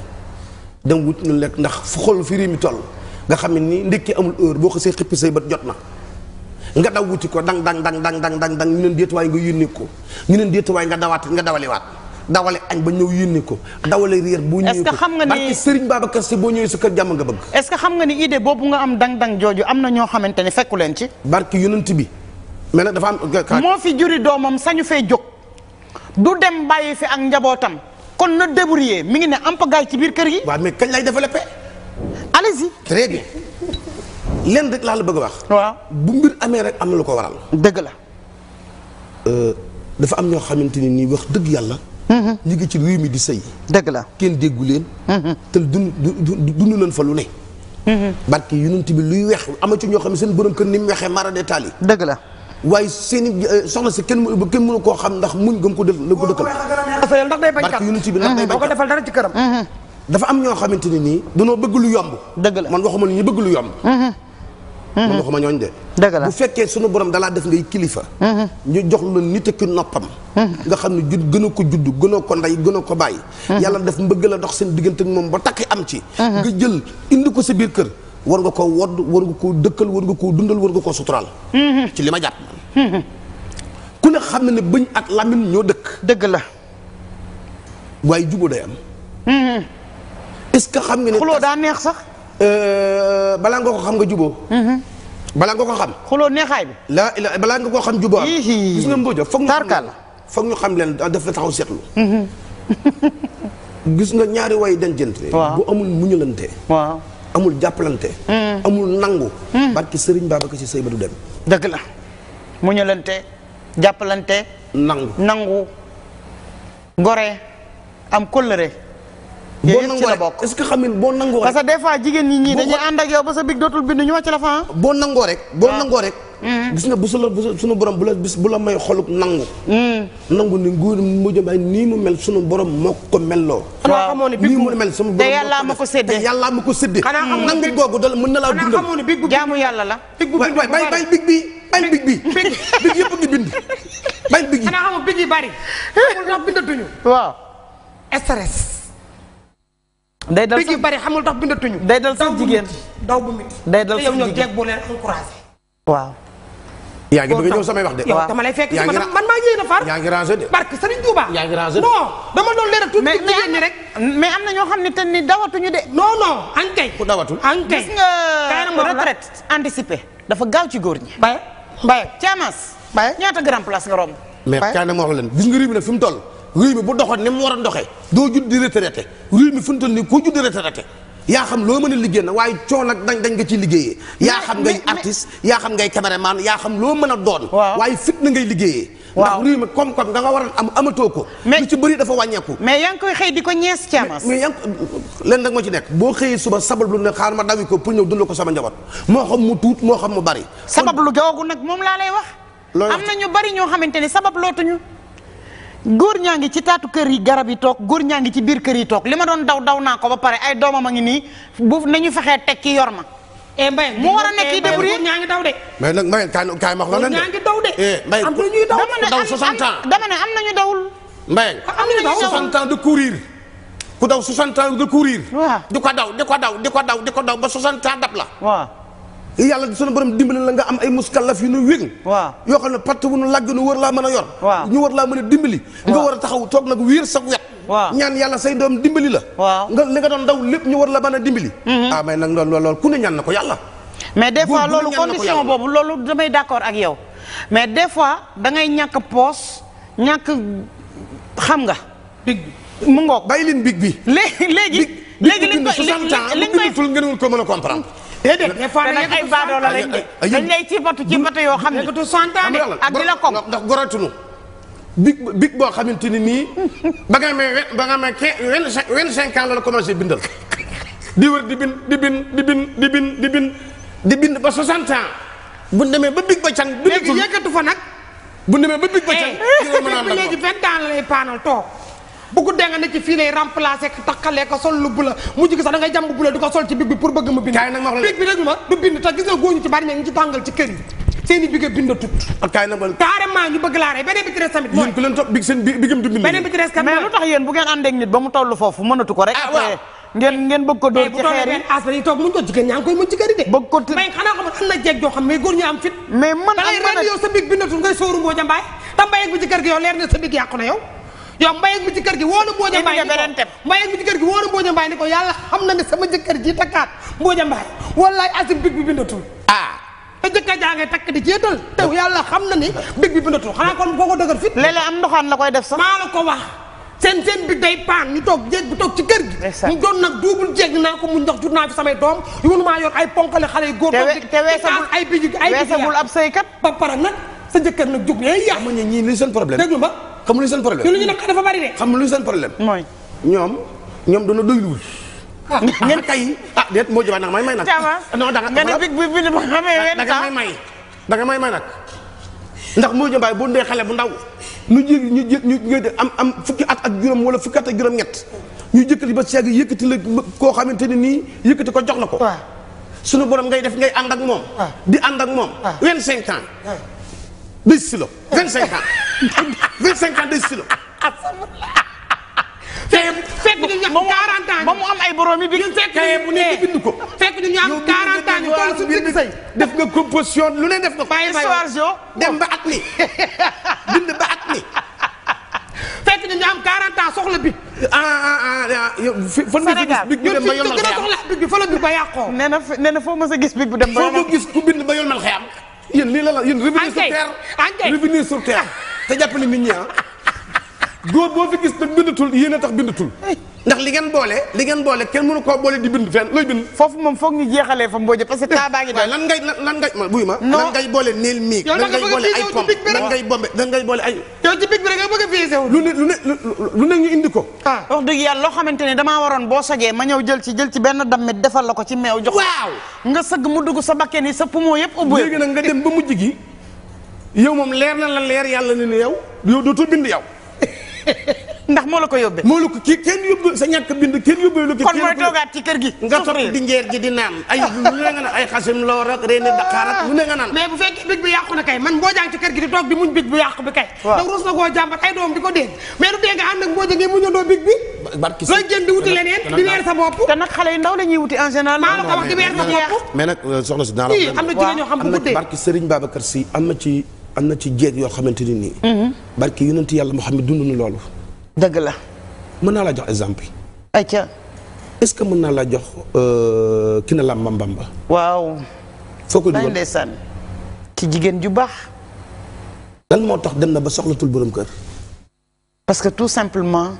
dem wut ñu lekk ndax fu xol fi réew mi toll. nga xam ne ni ndekki amul heure boo ko see xippi say bët jot na nga daw wuti ko dang dang dang dang dang dang ñu neen déetuwaay nga yónnee ko ñu neen déetuwaay nga dawaat nga dawale waat dawale añ ba ñëw yónnee ko dawale réer boo ñëwee ko xam nga ni Serigne Babacar boo ñëwee sa kër jàmm bëgg est-ce que xam nga ni idée boobu nga am dang dang jooju am na ñoo xamante ne fekku leen ci barki yonent bi mais na dafa am euh, moo fi juri doomam sañu fee jóg du dem bàyyi fi ak njabootam kon na débrouiller mi ngi ne ampagaay ci biir kër gi waaw mais kañ lay développé allez-y. très bien lenn rek laa la bëgg a wax. waaw bu mbir amee rek am na lu ko waral. dëgg la. Euh, dafa am ñoo xamante ni nii wax dëgg yàlla. Mm-hmm. ñu ngi ci réew mi di sëy. dëgg la kenn déggu leen. Mm-hmm. te du dund leen fa lu ne. Mm-hmm. barke yonent bi luy weex ama ci ñoo xam ne seen borom kër ni mu weexee mara detaal yi. dëgg la. waaye seen euh, soxna si kenn mu kenn mënu koo xam ndax muñ gëm ko def la ko dëkkal. ndax day bañ kat barke yonent bi ndax day bañ kat boo ko defal dara ci këram. dafa am ñoo xamante ni nii danoo bëgg yomb. dëgg la man waxuma ñu bëgg lu yomb. Mhm. Mhm. man waxuma ñooñ de. dëgg la bu fekkee sunu borom dalaa def ngay kilifa. Mhm. ñu jox la nit ki noppam. nga xam ne jud gën ko judd gën ko ndey gën a ko bàyyi. yàlla def mbëgg la dox seen diggante ak moom ba takk am ci. nga jël indi ko sa biir kër. war nga ko wodd war nga koo dëkkal war nga ko dundal war nga koo suturaal. ci li ma jàpp. ku ne xam na ne bëñ ak làmmiñ ñoo dëkk. dëgg la. waaye jubóo day am. est xam nga ne daa neex sax. Euh, balaa nga ko xam nga juboo mhm. balaa nga ko xam. xuloo neexaay bi. laa nga ko xam juboo am. gis nga Mbodja foog ñu xam foog ñu xam leen daf la taxaw mhm. nga ñaari way dencante. bu amul muñulante. waaw amul jàppalante. Mhm. amul nangu. barki Serigne Babacar Sy sëy ba du dem. dëgg la muñulante jàppalante. nangu nangu. gore am kóllëre. boo nangu rek est-ce que xam nga boo nangoo rek. parce que des fois jigéen ñi ñii dañuy ànd ak yow ba sa big dootul bind ñu wàcc la fa ah. boo nangoo rek. boo nangoo rek. Mm-hmm. gis nga bu sa la sunu borom bu la bis bu la may xoluk nangu. Mm. nangu ni nguur mu jëm ay nii mu mel sunu borom moo ko melloo. xanaa xamoo ne nii mu mel sunu borom te yàllaa ma ko séddee te yàllaa ma ko séddee. xanaa xamoo ne nangu googu dal mën na laa dundal. xanaa xamoo ne big bu jaamu yàlla la. big bu bind bàyyi bàyyi big bi bàyyi big bi big yëpp ngi bind bàyyi big yi. xanaa xamoo big yi bari. xamul ndax bindatuñu. waaw stress day dal sax bari xamul tax bindatuñu. day dal sax jigéen daw bu day dal sax jigéen te yow ñoo jeeg boo leen encouragé. waaw. yaa ngi bëgg ñëw samay wax de. yow dama lay fekk man man maa ngi yéen a far. yaa mais am na ñoo xam ne te ni dawatuñu de. non non ankay. ku dawatul ankay. gis nga retraite anticipée dafa gaaw ci góor ñi. Mbaye Mbaye Thiamas. Mbaye ñaata grand place nga romb. mais Thiamas moo wax leen gis nga réew mi nag mu toll réew bu doxoon ni mu war a doxee doo judd di retraité réew mi fu mu toll nii ku yaa xam loo mën a liggéey na waaye coono nag dañ dañ nga ciy liggéeyee. yaa xam ngay artiste yaa xam ngay caméraman yaa xam loo mën a doon. waaye fit na ngay liggéeyee. waaw ndax réew mi koom-koom nga war a am amatoo ko. lu ci bëri dafa wàññeeku. mais yaa ngi koy xëy di ko ñees caamas. mais yaa ngi leen nag ci nekk boo xëyee suba sabab lu ne xaar ma dawi ko pour ñëw dund ko sama njaboot moo xam mu tuut moo xam mu bari. sabab lu googu moom laa lay wax. am na ñu ñoo xamante ne sabab lootuñu góor ñaa ngi ci taatu kër yi garab yi toog góor ñaa ngi ci biir kër yi toog li ma doon daw daw naa ko ba pare ay doomam a ngi nii bu nañu fexee teg ki yor ma. eh Mbaye mu war a nekk eh, yi débrouillé ñaa ngi daw mais nag Mbaye kaay kaay ma wax la leen de ñaa ngi de. Eh, Mbaye am na ñuy daw daw 60 ans dama ne am na ñu dawul. Mbaye am na ñu daw 60 ans ku daw 60 ans de courir. di ko daw di ko daw di ko daw di ko daw ba 60 ans dab la. waaw. yàlla sunu borom dimbali la nga am ay muskalaf yu nu wég waaw yoo xam ne patt bu nu làgg nu war laa mën a yor waaw ñu war laa mën a dimbali nga war a taxaw toog nag wiir sa wet waaw ñaan yàlla say doom dimbali la waaw nga li nga doon daw lépp ñu war la mën a dimbali mm-hmm. ah mais nag loolu loolu ku ne ñaan na ko yàlla mais des fois loolu condition boobu loolu damay d'accord ak yow mais des fois da ngay ñàkk poos ñàkk xam nga big bi mu ngoog bàyyi leen big bi léegi léegi léegi li nga koy comprendre déedéet des fois nag ay baadoo la lañ de dañ lay ci batu ci yoo xam ne nekkatu santaane ak di la ko big boo xamante ni nii ba nga amee ba nga amee vingt-cinq ans la commencé bindal di wër di bind di bin di bin di bind di bind ba soixante ans bu demee ba big ba can bindatul léegi yëkkatu fa nag bu demee ba big ba can léegi eh. vingt ans bu guddee nga ne ci fii lay remplacé takkalee ko sol lu bula mujj gi sax da ngay jàmb bula di ko sol ci big bi pour bëgg ma bind big bi nag ma du bind te gis nga góoñu ci bari ne ngi ci tàngal ci kër yi seen i bigga bind tut ak ah, kaay na carrément ñu bëgg laa rey beneen bi ci des tamit yéen ku leen topp big seen bigam du bind beneen bi ci des mais lu tax yéen bu ngeen àndeeg nit ba mu toll foofu mënatu ko rek ah, ngeen ngeen bëgg ko dóor eh, ci xeer yi as dañuy toog muñ ko jigéen ñaa ngi koy muñ ci kër yi de bëgg ko mais xanaa xam am na jeeg joo xam mais góor ñi am fit mais man da lay ren yow sa big bindatul ngay sóoru mboo jambaay tam bàyyeeg bi ci kër gi yow leer na sa big yàqu na yow yow mbay ak mi ci kër gi wóolu Mbooja Mbaay mbay ak mi ci kër gi wóolu Mbooja Mbaay ni ko yàlla xam na ne sama jëkkër ji takkaat Mbooja Mbaay wallaay asim big bi bindatul ah te jëkkër jaa ngay takk di jéetal yàlla xam na ni big bi bindatul xanaa kon koo ko dëgër fit léeg-léeg am ndoxaan la koy def sax maa la ko wax seen seen bi day paan ñu toog jéeg bi toog ci kër gi ñu doon nag duubul jéeg naa ko mu ndox jur naa fi samay doom yu mënu maa yor ay ponkale xale yu góor te weesagul ay bigi ay a ab sëykat ba pare nag sa jëkkër nag jóg yaa ma ne ñii li seen problème xam luy seen problème ñu naqar dafa bari de. xam luy seen problème. mooy ñoom ñoom dana doyluwul. ah ngeen kay ah déet moo jox nag may ma xamee wen da nga may may da nga may may nag. ndax moo jëmbaay bu ndee xale bu ndaw ñu jé ñu jé de am am fukki at ak juróom wala fukki at ak juróom-ñett ñu jëkkati ba seeg yëkkati la koo xamante ne nii yëkkati ko jox la ko. suñu borom ngay def ngay ànd ak moom. di ànd ak moom. 25 ans. deux kilos vingt cinq ans vingt cinq ans deux kilos. fekk ñu ñu am 40 ans ba mu am ay borom yi bi fekk bu nekk eh, bind ko. fekk ñu ñu am 40 ans ñu kon su bind say def nga composition lu ne def nga. bàyyi dem ba at mi bind ba at mi. fekk ñu ñu am 40 ans soxla bi. ah ah ah, ah, ah yow fan nga gis big bi dem ba yombal xëyam Sénégal ñun fii gis bi fa la bi ba yàqoo. nee na nee na foo mës a gis big bi dem ba yombal xëyam. foo ko gis ku bind ba yombal xëyam. yéen lii la la yéen revenir sur terre revenir sur terre ñi ah góor boo fi gis nag bindatul yéen a tax bindatul eh, ndax li ngeen boole li ngeen boole kenn mënu koo boole di bind fenn looy bind foofu moom foog ñu jeexalee fa mbooje parce que eh, taa baa ngi daal lan ngay lan ngay ma buy ma lan ngay yow a fiise lu ne lu ne lu ne ñu indi ko ah wax dëgg yàlla loo xamante ne damaa waroon boo sojee ma ñëw jël ci jël ci benn dammit defal la ko ci meew jox waaw nga sëgg mu dugg sa bakken yi sa poumon yëpp ubbu léegi nag nga dem ba mujj gi yow moom leer na la leer yàlla ne yow yow dootoo bind yow ndax moo la ko yóbbee moo la ko ki kenn yóbbu sa ñàkk bind kenn yóbbee la kon mooy toogaat ci kër gi nga toog di njeer ji di naan ay lu ne xasim loor ak reeni Dakar ak ne nga naan mais bu fekkee big bi yàqu na kay man boo jàng ci kër gi di toog di muñ big bu yàqu bi kay da ruus na koo jàmbat ay doom di ko dégg mais du dégg ànd ak boo jëgee muñandoo big bi looy jënd di wuti sa bopp te nag xale yu ndaw la ñuy wuti en général maa la ko wax di weer sa bopp mais nag euh, soxna si naa la am na jigéen am na ci am na ci jéeg yoo xamante ni nii. Mhm. barke yonent yàlla Muhammad dund na loolu. dëgg la. mën naa la jox exemple. ay ca est-ce que mën naa laa jox euh, ki na làmba mbamba. waaw. foo ko dugal ndeysaan ci jigéen ju baax. lan moo tax dem na ba soxlatul borom kër. parce que tout simplement.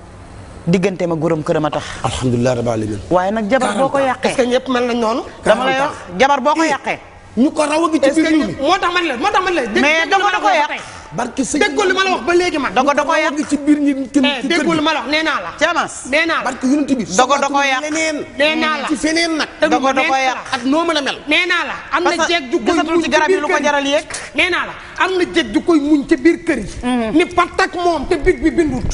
diggante ma góoram këram a tax. alhamdulilah rabbil alamin. waaye nag jabar boo ko yàqee. est-ce que ñëpp mel na noonu. dama lay wax jabar boo ko yàqee. ñu ko raw a ci biir moo tax ma la ma tax man la. mais dogo da ko yàq barki sëñ déggoo li ma la wax ba léegi man. dogo da ko yàq ci biir ñi ci eh, kër gi déggoo li ma la wax nee naa la. Thiamas nee la dogo da ko yàq naa la ci feneen nag. dogo da ko yàq ak noo mën a mel. nee la am na jeeg ju koy muñ ci biir kër yi nee naa la am na jeeg ju koy muñ ci biir kër yi. Mm. ni patak moom te big bi bindut.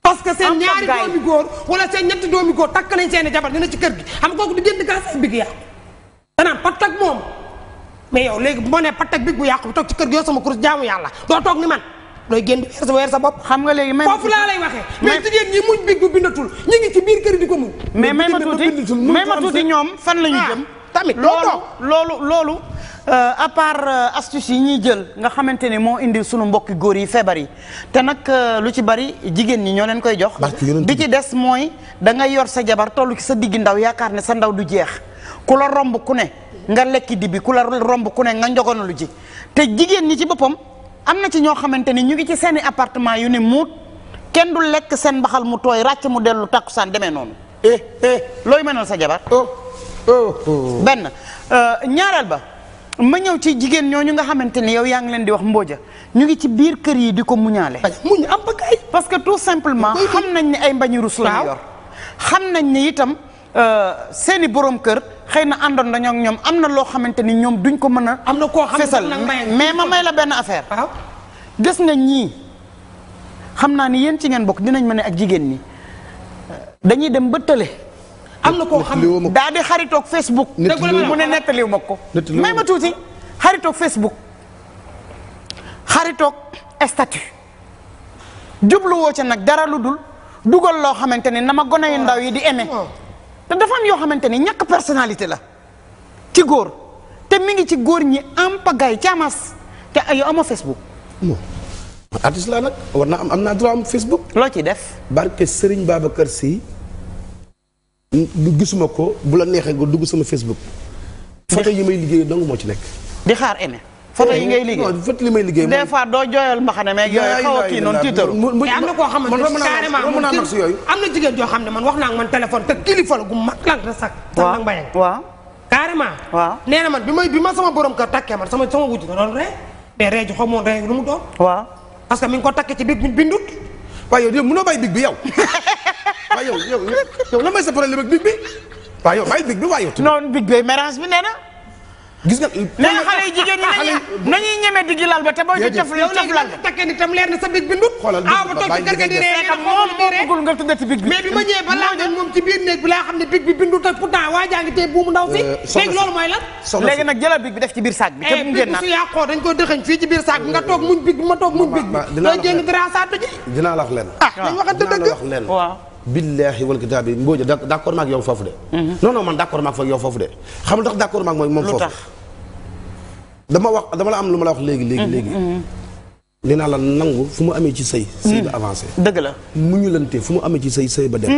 parce que seen ñaari doomi góor wala seen ñetti doomi góor takk nañ seen jabar dina ci kër gi xam kooku di jënd gaa say big yaa danaan patak moom mais yow léegi bu ma nee patek bi bu yàqu bi toog ci kër gi yor sama kurus jaamu yàlla doo toog ni man looy génn weer sa weer sa bopp. xam nga léegi may foofu laa lay waxee. mais jigéen ñi muñ big bu bindatul ñu ngi ci biir kër di ko muñ. mais may ma tuuti may ma tuuti ñoom fan la ñu ah, jëm. tamit loolu loolu loolu. Euh, à part euh, astuce yi ñuy jël nga xamante ne moo indi sunu mbokki góor yi feebar yi te nag euh, lu ci bari jigéen ñi ñoo leen koy jox. bi ci des mooy da nga yor sa jabar tollu ci sa diggi ndaw yaakaar ne sa ndaw du jeex ku la romb ku ne nga lekki di bi ku la romb ku ne nga njogonu lu te jigéen ñi ci boppam am na ci ñoo xamante ni ñu ngi ci seen i appartement yu ne muut kenn du lekk seen mbaxal mu tooy ràcc mu dellu saan demee noonu eh eh looy mënal sa jabar oh oh, oh. benn euh, ñaareel ba ma ñëw ci jigéen ñoo ñu nga xamante ni yow yaa ngi leen di wax mbooja ñu ngi ci biir kër yi di ko muñaale muñ am parce que tout simplement xam nañ ni ay mbañu rus la xam nañ ne itam Euh, seeni boroom kër xëy na àndoon dañoo ak ñoom am na loo xamante ni ñoom duñ ko mën a. am na koo xam fesal mais ma may la benn affaire. waaw ah. gis nga ñii xam naa ni yéen ci ngeen bokk dinañ ma ne ak jigéen ñi dañuy dem ba tële. am na koo xam daa di xaritoog Facebook. mu ne nettaliw ma ko. may ma tuuti xaritoog Facebook xaritoog statut jubluwoo ca nag dara lu dul dugal loo xamante ni na ma gone yu ndaw yi di aimé. Ah. te dafa am yoo xamante ni ñàkk personnalité la ci góor te mi ngi ci góor ñi am pagaay caamas te ay amoo Facebook. non artiste laa nag war naa am am naa droit am Facebook. loo ciy def. barke Serigne Babacar Sy. lu gisuma ko bu la neexee nga dugg sama Facebook. photo yi may liggéey dong moo ci nekk. di xaar aimé. photo yi liggéey non photo li may liggéey des fois doo jooyal mbaxane mais yooyu xaw a kii noonu tiitaru mais am na koo xamante ne am na jigéen joo xam ne man wax naa man téléphone te kilifa la gu mag lan ta sax waaw nag mbayang waaw carrément waaw nee na man bi may bi ma sama borom kër takkee man sama wujj da doon ree mais ree ji xaw moon ree lu mu doon waaw parce que ko takkee ci big bi wa waaye yow yow mënoo bàyyi big bi yow waaye big bi waaye bi waaye gis nga mais xale yi jigéen ñi nañuy ñeme diggi lal ba te booy di tëf lal ba takkee ni tam leer na sa big bi ndut xoolal ah ba toog ci kër ga di ree xam nga tuddati big bi mais bi ma ci biir néeg bi laa xam ne big bi bindut ak pourtant waa jaa ngi tey buumu ndaw si euh, léegi loolu mooy lan léegi nag jëlal big bi def ci biir saag bi te bu ngeen naan su yàqoo dañ ko dëxëñ fii ci biir saag bi nga toog muñ big ma toog muñ big bi looy génn dara saa ji dinaa la wax leen ah dañ waxante billaahi wal kitaabi Mbodj d' accord maak yow foofu de. Mhm. non non man d' maak foofu de xam nga tax d' maak mooy moom foofu dama wax dama la am lu ma la wax léegi léegi mhm, léegi. Mhm. nee naa la nangu fu mu amee ci sëy sëy ba avancé. dëgg la fu mu amee ci sëy sëy ba dem.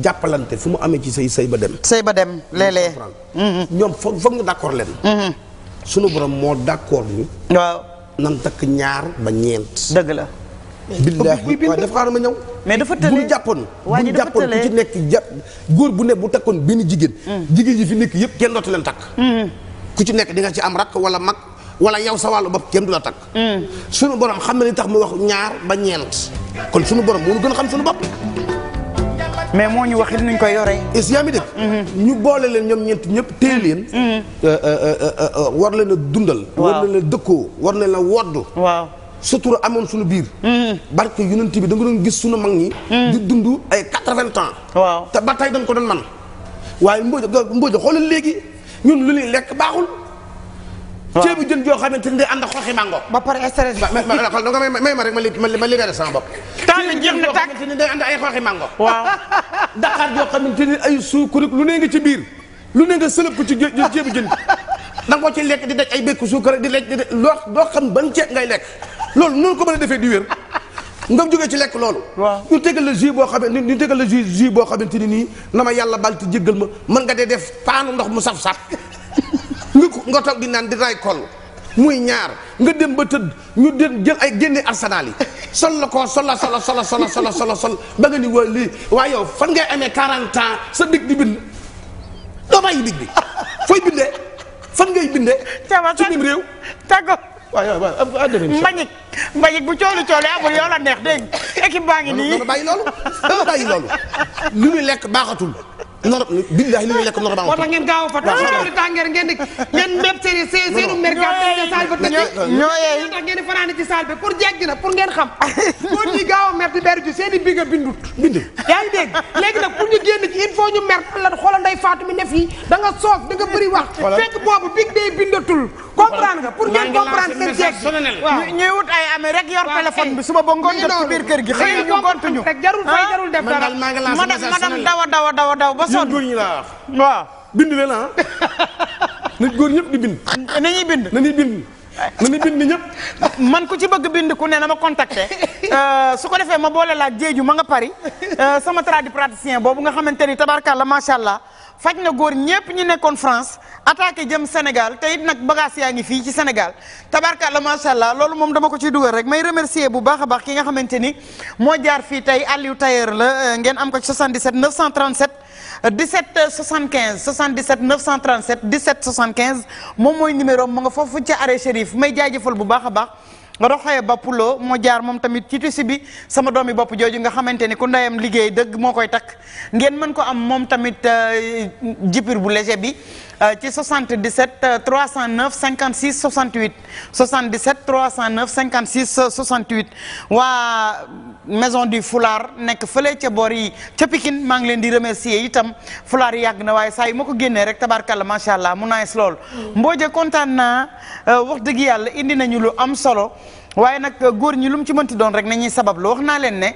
jàppalante fu mu amee ci sëy sëy ba dem. sëy ba dem léeg-léeg. ñoom foog foog ñu d' accord leen. sunu borom moo d' accord ñu. waaw nan takk ñaar ba ñeent. dëgg la. billaahi waaw dafa xaaral ma ñëw. mais dafa tële bu jàppoon. waa ji dafa tële bu jàppoon ku ci nekk jàpp góor bu ne bu takkoon benn jigéen. Hmm. jigéen yi fi nekk yëpp kenn dootu leen takk. Hmm. ku ci nekk di nga ci am rakk wala mag wala yow sa wàllu bopp kenn du la takk. Hmm. sunu borom xam na li tax mu wax ñaar ba ñeent. kon sunu borom moo ñu gën xam sunu bopp. mais moo ñu wax it nuñ koy yoree. is yaa ngi dégg. ñu boole leen ñoom ñeent ñëpp téye leen. Euh, euh, euh, war leen dundal. war leen dëkkoo war leen a wodd. sutura amoon suñu biir. Mm-hmm. barke yonent bi da nga doon gis suñu mag ñi. Mm-hmm. dundu ay quatre-vingts ans. waaw te ba tey dañ ko doon man waaye Mbodj Mbodj xoolal léegi ñun lu ñuy lekk baaxul. waaw ceebu jën joo xamante ne day ànd ak xooxi mango. ba pare stress ba ma ma ma nga may may ma rek ma li ma libéré sama bopp. temps bi ne ay xooxi mango. waaw Dakar joo xamante ne ay suukar lu ne nga ci biir lu ne nga sëlëb ko ci ceebu jën da nga ko lekk di daj ay békku suukar di lekk di loo doo xam ban ceeb ngay lekk. loolu noonu ko mën a defee di wér nga jógee ci lekk loolu waaw ñu tegal la jus boo xamante ñu tegal la jus boo xamante ni nii na ma yàlla bal te jéggal ma mën nga dee def paanu ndox mu saf-saf nga ko nga toog di naan di ray muy ñaar nga dem ba tëdd ñu dem jël ay génne arsenal yi sol la ko sol la sol sol sol sol sol ba nga ni waa lii waaye yow fan ngay amee 40 ans sa dig di bind doo bàyyi dig bi fooy bindee fan ngay bindee. ca waaye waaye am nga àddina émission Mbagnick Mbagnick bu cooli cooli amul yoo la neex dégg équipe baa ngi nii. dama bàyyi loolu dama bàyyi loolu lu ñu lekk baaxatul. nor billahi li ñu lekk normal moo ngeen gaaw a fa tax ngeen di ngeen mépp mer gàtt saal ba tëj ñooyee tax ngeen di fanaan ci saal bi pour jegg ngeen xam pour ñu a mer di berju seen i bindut bindu yaa ngi dégg léegi nag pour ñu génn mer la xoolal nday faatu mi ne fii da nga soof da boobu big day bindatul comprendre nga pour ngeen comprendre seen jeeg ñuy wut ay amee rek yor téléphone bi suba ba ngoon jot biir kër cent góor ñi laa wax. waaw bind leen ah. nit góor ñëpp di bind. nañuy bind nañuy bind. nañuy bind ñëpp. man ku ci bëgg bind ku ne na ma contacter euh, su ko defee ma boole laa ju ma nga Paris euh, sama tradipraticien boobu nga xamante ni tabarkalla macha allah faj na góor ñëpp ñu nekkoon France attaqué jëm Sénégal te it nag bagage yaa ngi fii ci Sénégal tabarkalla macha allah loolu moom dama ko ciy dugal rek may remercier bu baax a baax ki nga xamante ni moo jaar fii tey Aliou Tailleur la euh, ngeen am ko ci 17 75 77 937 17 75 moom mooy numéro mu nga foofu ci arrêt Chérif may jaajëfal bu baax a baax. roxoye bappuloo moo jaar moom tamit ci tisi bi sama doomi bopp jooju nga xamante ni ku ndeyam liggéey dëgg moo koy takk ngeen mën ko am moom tamit euh, jipir bu léger bi euh, ci 77 309 56 68 77 309 56 68 waa maison du foulard nekk fële ca boor yi ca Pikine maa ngi leen di remercier itam foulard yi yàgg na waaye saa yi ma ko génnee rek tabarkalla macha allah mu nice lool. Mbooje kontaan naa euh, wax dëgg yàlla indi nañu lu am solo waaye nag euh, góor ñi lu mu ci mënti doon rek nañuy sabab lu wax naa leen ne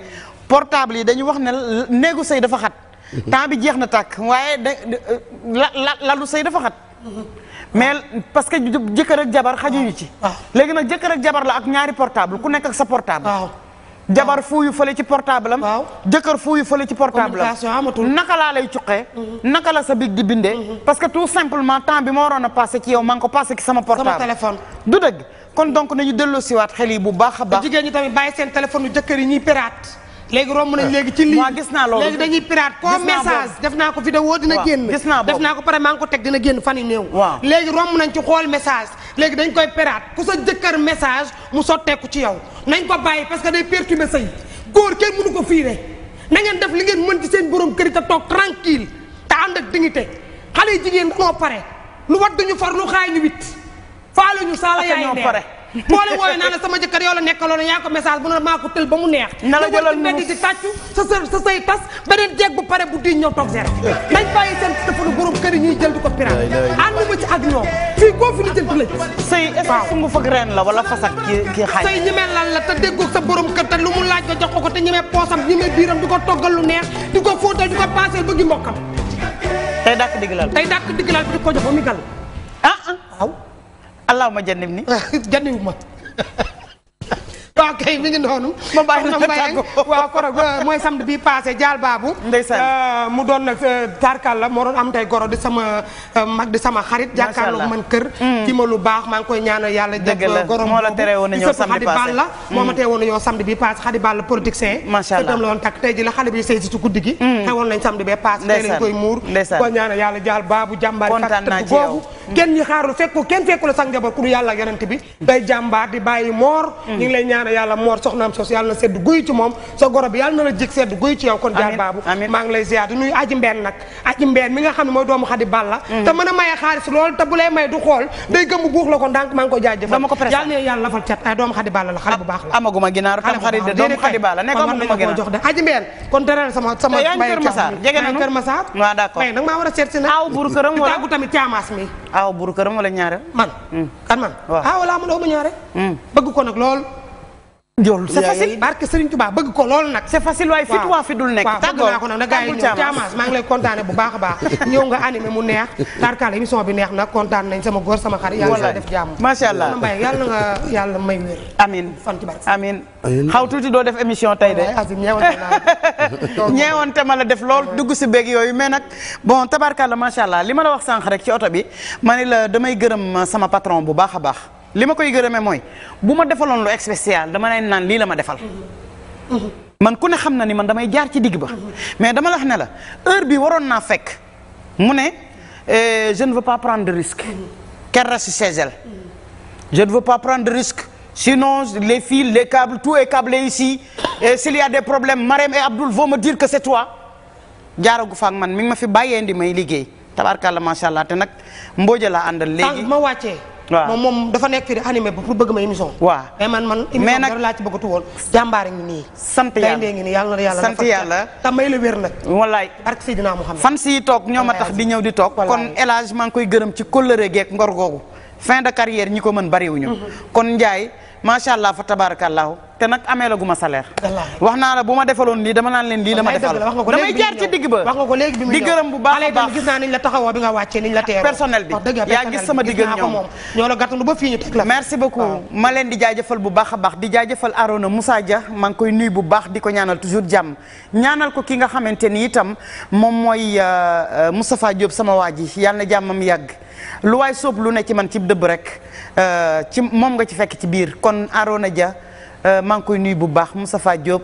portable yi dañu wax ne néegu sëy dafa xat. temps bi jeex na tàkk waaye da euh, la lalu sëy dafa xat. mais parce que jëkkër ak jabar xajuñu ci. Ah. léegi nag jëkkër ak jabar la ak ñaari portable ku nekk ak sa portable. Ah. jabar fuuyu fële ci portable am jëkkër fuuyu fële ci portable naka laa lay cuqee mm-hmm. naka la sa big di bindee mm-hmm. parce que tout simplement temps bi waroon a passé ci yow maa ko passé ci sama portable du dëgg kon donc nañu delloo siwaat xel yi bu baax a jigéen ñi tamit bàyyi seen téléphone yu jëkkër yi ñuy piraat léegi romb nañ ah. léegi ci lii léegi dañuy pirate ko message def naa ko vidéo dina génn gis naa def naa ko pare maa ko teg dina léegi dañ koy peraat ku sa jëkkër message mu sotteeku ci yow nañ ko bàyyi parce que day perturber sëy góor kenn mënu ko fiire na ngeen def li ngeen mën ci seen borom kër yi toog tranquille te ànd ak dignité xale yi jigéen dañoo pare lu wat duñu far lu xaay ñu wit faale ñu saala yaay pare boo la wooyee naa la sama jëkkër yow la nekkaloon yaa bu ne maa ba mu neex. na la jëloon sa sa sa say tas beneen jeeg bu pare bu di ñëw toog zéro. nañ bàyyi seen téléphone borom kër yi ñuy jël di ko pirate. ànd ma ci ak ñoom fii koo fi ñu jël di la gis. sëy est-ce que sungu fëgg reen la wala fasak ki ki xaaj. sëy ñemee lan la te déggoo sa borom kër te lu mu laaj ko jox ko ko te ñemee poosam ñemee biiram di ko toggal lu neex di ko fóotal di ko paaseel bëggi mbokkam. tey dàkk digg lal tey dàkk digg lal bi di ko jox ba muy gal ah ah allahuma jannib ni jannibu ma waaw kay mi ngi noonu ma bàyyi na mbayeg mooy samedi bii passé jaal baabu ndeysaan euh, mu doon nag euh, tarkal la moo doon am tey goro di sama euh, mag di sama xarit jàkkaarloo man kër mm. ki ma lu baax maa ngi koy ñaanal yàlla dëgg la goro moo la tere woon ñëw la moo ma mm. tere woon ñëw samedi bi passé xadi bal la politicien macha allah itam la woon takk tey mm. jaal baabu jàmbaar kontaan naa kenn ñi xaarul fekku kenn fekku la sax njaboot ku du yàlla ak yonent bi day jàmbaar di bàyyi moor mm. ñu ngi lay ñaanal yàlla moor soxnaam sos yàlla na sedd guy ci moom sa goro bi yàlla na la jik sedd guy ci yow kon jaar baabu maa ngi lay ziar di nuyu aji mbeen nag aji mbeen mi nga xam ne mooy doomu xadi balla mm. te a maye xaalis lool te bu lay may du xool day gëmbu buux ko ndànk maa ngi ko jaajëfal yàlla na yàlla lafal cat ay doomu xadi balla la war a seet tamit caamaas mi aaw buru këram wala ñaareel. man hmm. kan man. waaw aaw laa ma doon hmm. ko nag lool. Ndiol c'est facile barke bëgg ko lool nag. c'est facile waaye fit waa fi dul nekk. tàgg naa ko nag na gars yi caamaas maa ngi lay kontaane bu baax a baax. ñëw nga neex. tarkaal bi neex nag kontaan nañ sama góor sama xarit. yàlla na def jàmm macha allah yàlla nga yàlla may wér. amiin fan ci barke amiin xaw tuuti doo def émission tey de. ñeewante ma la def lool dugg si beeg yooyu mais nag bon tabarkaal la macha allah li ma la wax sànq rek ci oto bi ma ne la damay gërëm sama patron bu baax a baax. li ma koy gërëmee mooy bu ma defaloon lu spécial dama leen naan lii la ma defal. man ku ne xam na ni man damay jaar ci digg ba. mais dama la wax ne la heure bi waroon naa fekk mu ne eh, je ne veux pas prendre de risque. qu'elle reste chez elle. je ne veux pas prendre de risque. sinon les fils les cable tout est câblé ici et s'il y a des problèmes Marème et Abdoul vont me dire que c'est toi jaaragu fa ak man mi ngi ma fi bàyyee ndi may liggéey la macha allah te nag mbooja laa àndal. léegi ma wàccee. moom moom dafa nekk fii di animé bëgg ma émission waaw man man émission dara laa ci bëggatu woon nii sant yàlla gaynde ngi yàlla na yàlla sant yàlla te may la wér nag wallaay barke Seydina Muhammad fan si toog ñoom a tax di ñëw di toog kon élage maa ngi koy gërëm ci kóllëre geek ngor googu fin de carrière ñi ko mën bariwuñu mhm. kon Ndiaye macha allah fa tabarakallahu te nag amee la gu salaire wax naa la bu ma defaloon lii dama naan leen lii la ma defal damay jaar ci digg ba di gërëm bu baax a baax gis naa niñ la taxawoo bi nga ma leen di jaajëfal bu baax a baax di jaajëfal Arona Moussa Dia maa ngi koy nuyu bu baax di ko ñaanal toujours jàmm ñaanal ko ki nga xamante ni itam moom mooy euh, euh, Moustapha Diop sama waa ji yàlla na jàmmam yàgg lu waay soob lu ne ci man ci dëbb rek euh, ci moom nga ci fekk ci biir kon Arona ja Euh, maa ngi koy nuyu bu baax Moustapha Diop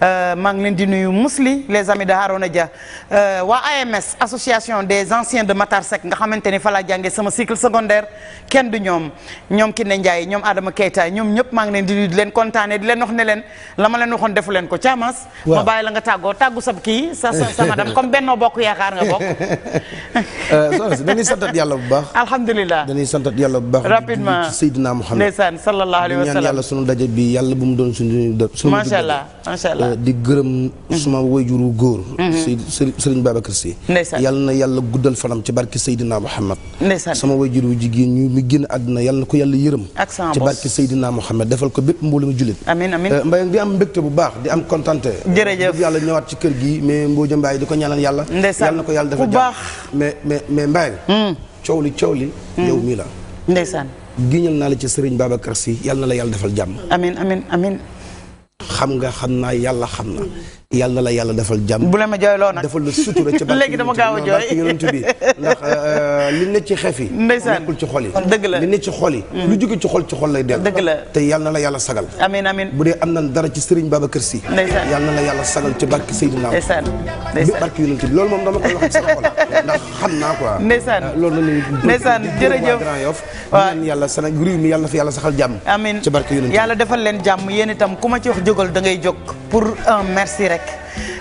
Euh, maa ngi leen di nuyu Mousli les amis de Harouna Dia euh, waa AMS association des anciens de Matar Seck nga xamante ni fa laa jàngee sama cycle secondaire kenn du ñoom ñoom Kiné Ndiaye ñoom Adama Keita ñoom ñëpp maa ngi leen di nuyu di leen kontaanee di leen wax ne leen la ma leen waxoon defu leen ko Thiamas. waaw ma bàyyi la nga tàggoo tàggu sab kii sa sa madame comme Benno Bokk Yaakaar nga bokk. Euh, soxna si dañuy santat yàlla bu baax. alhamdulilah dañuy santat yàlla bu baax. rapidement di Seydina Muhammad. ndeysaan sallallahu alayhi wa sallam ñaan yàlla sunu daje bi yàlla bu doon suñu. macha allah macha allah di gërëm suma wayjuru góor mhm. sëriñ Babacar Sy yàlla na yàlla guddal fanam ci barke Seydina Muhammad sama wayjuru jigéen ñu mi génn àdduna yàlla na ko yàlla yërëm ci barke Seydina Muhammad defal ko bépp mbooloo mu jullit amiin amiin euh, mbay di am mbégte bu baax di am kontante jërëjëf yàlla ñëwaat ci kër gi mais Mbodj Mbaye di ko ñaanal yàlla yàlla na ko yàlla dafa jàmm mais mais mais Mbaye mm. coow li coow li mm. yow mii la ndeysaan giñal naa la ci sëriñ Babacar Sy yàlla na la yàlla defal jàmm amiin xam nga xam naa yàlla xam na yàlla na la yàlla defal jàmm. bu la ma jooyloo nag defal la sutura ci léegi dama gaaw a jooy yonent bi ndax euh, li ne ci xef yi ndeysaan nekkul ci xol yi dëgg la li ne ci xol yi mm. lu jóge ci xol ci xol lay dellu dëgg la te yàlla na la yàlla sagal la yàlla sagal ci barke Seydina ndeysaan ndeysaan barke euh, la ndeysaan jërëjëf Grand Yoff ñaan yàlla Sénégal réew mi yàlla na fi yàlla saxal defal leen jàmm yéen itam ku ci wax jógal da jóg pour merci rek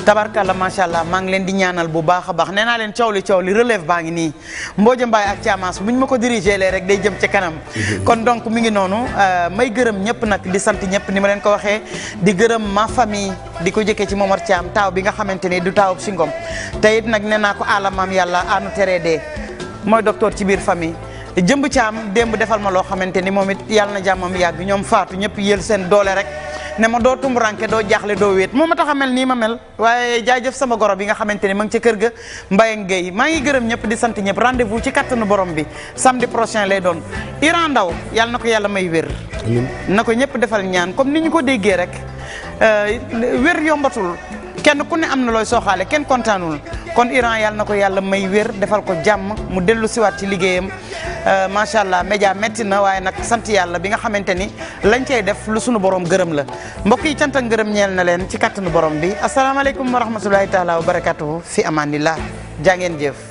Seck la macha allah maa ngi leen di ñaanal bu baax a baax nee naa leen coow li coow li relève baa ngi nii Mbodj Mbaye ak Thiamas bu ñu ma ko dirigé lee rek day jëm ci kanam. Mhm. kon donc mi ngi noonu euh, may gërëm ñëpp nag di sant ñëpp ni ma leen ko waxee di gërëm ma famille di ko jëkkee ci Momar Thiam taaw bi nga xamante ni du taawub si ngom te it nag nee naa ko alamaam yàlla aanu teree dee mooy docteur ci biir famille. jëmb caam démb defal ma loo xamante ni moom it yàlla na jàmmam yàgg ñoom faatu ñëpp yël seen doole rek. ne ma doo tumuranke doo jaaxle doo wéet moo ma tax a mel nii ma mel waaye jaajëf sama goro bi nga xamante ni ma ngi ca kër ga Mbaye Gueye maa ngi gërëm ñëpp di sant ñëpp rendez-vous ci kattanu borom bi samedi prochain lay doon Iran Ndaw yàlla na ko yàlla may wér na ko ñëpp defal ñaan comme ni ñu ko déggee rek euh, wér yombatul kenn ku ne am na looy soxaale kenn kontaanul kon Iran yàlla na ko yàlla may wér defal ko jàmm mu dellu siwaat ci liggéeyam euh, macha allah média métti na waaye nag sant yàlla bi nga xamante ni lañ cay def lu sunu borom gërëm la mbokk yi cant ak ngërëm ñeel na leen ci kàttanu borom bi asalaamaaleykum wa rahmatulahi taala wa barakatuhu fi amanillah jaa ngeen jëf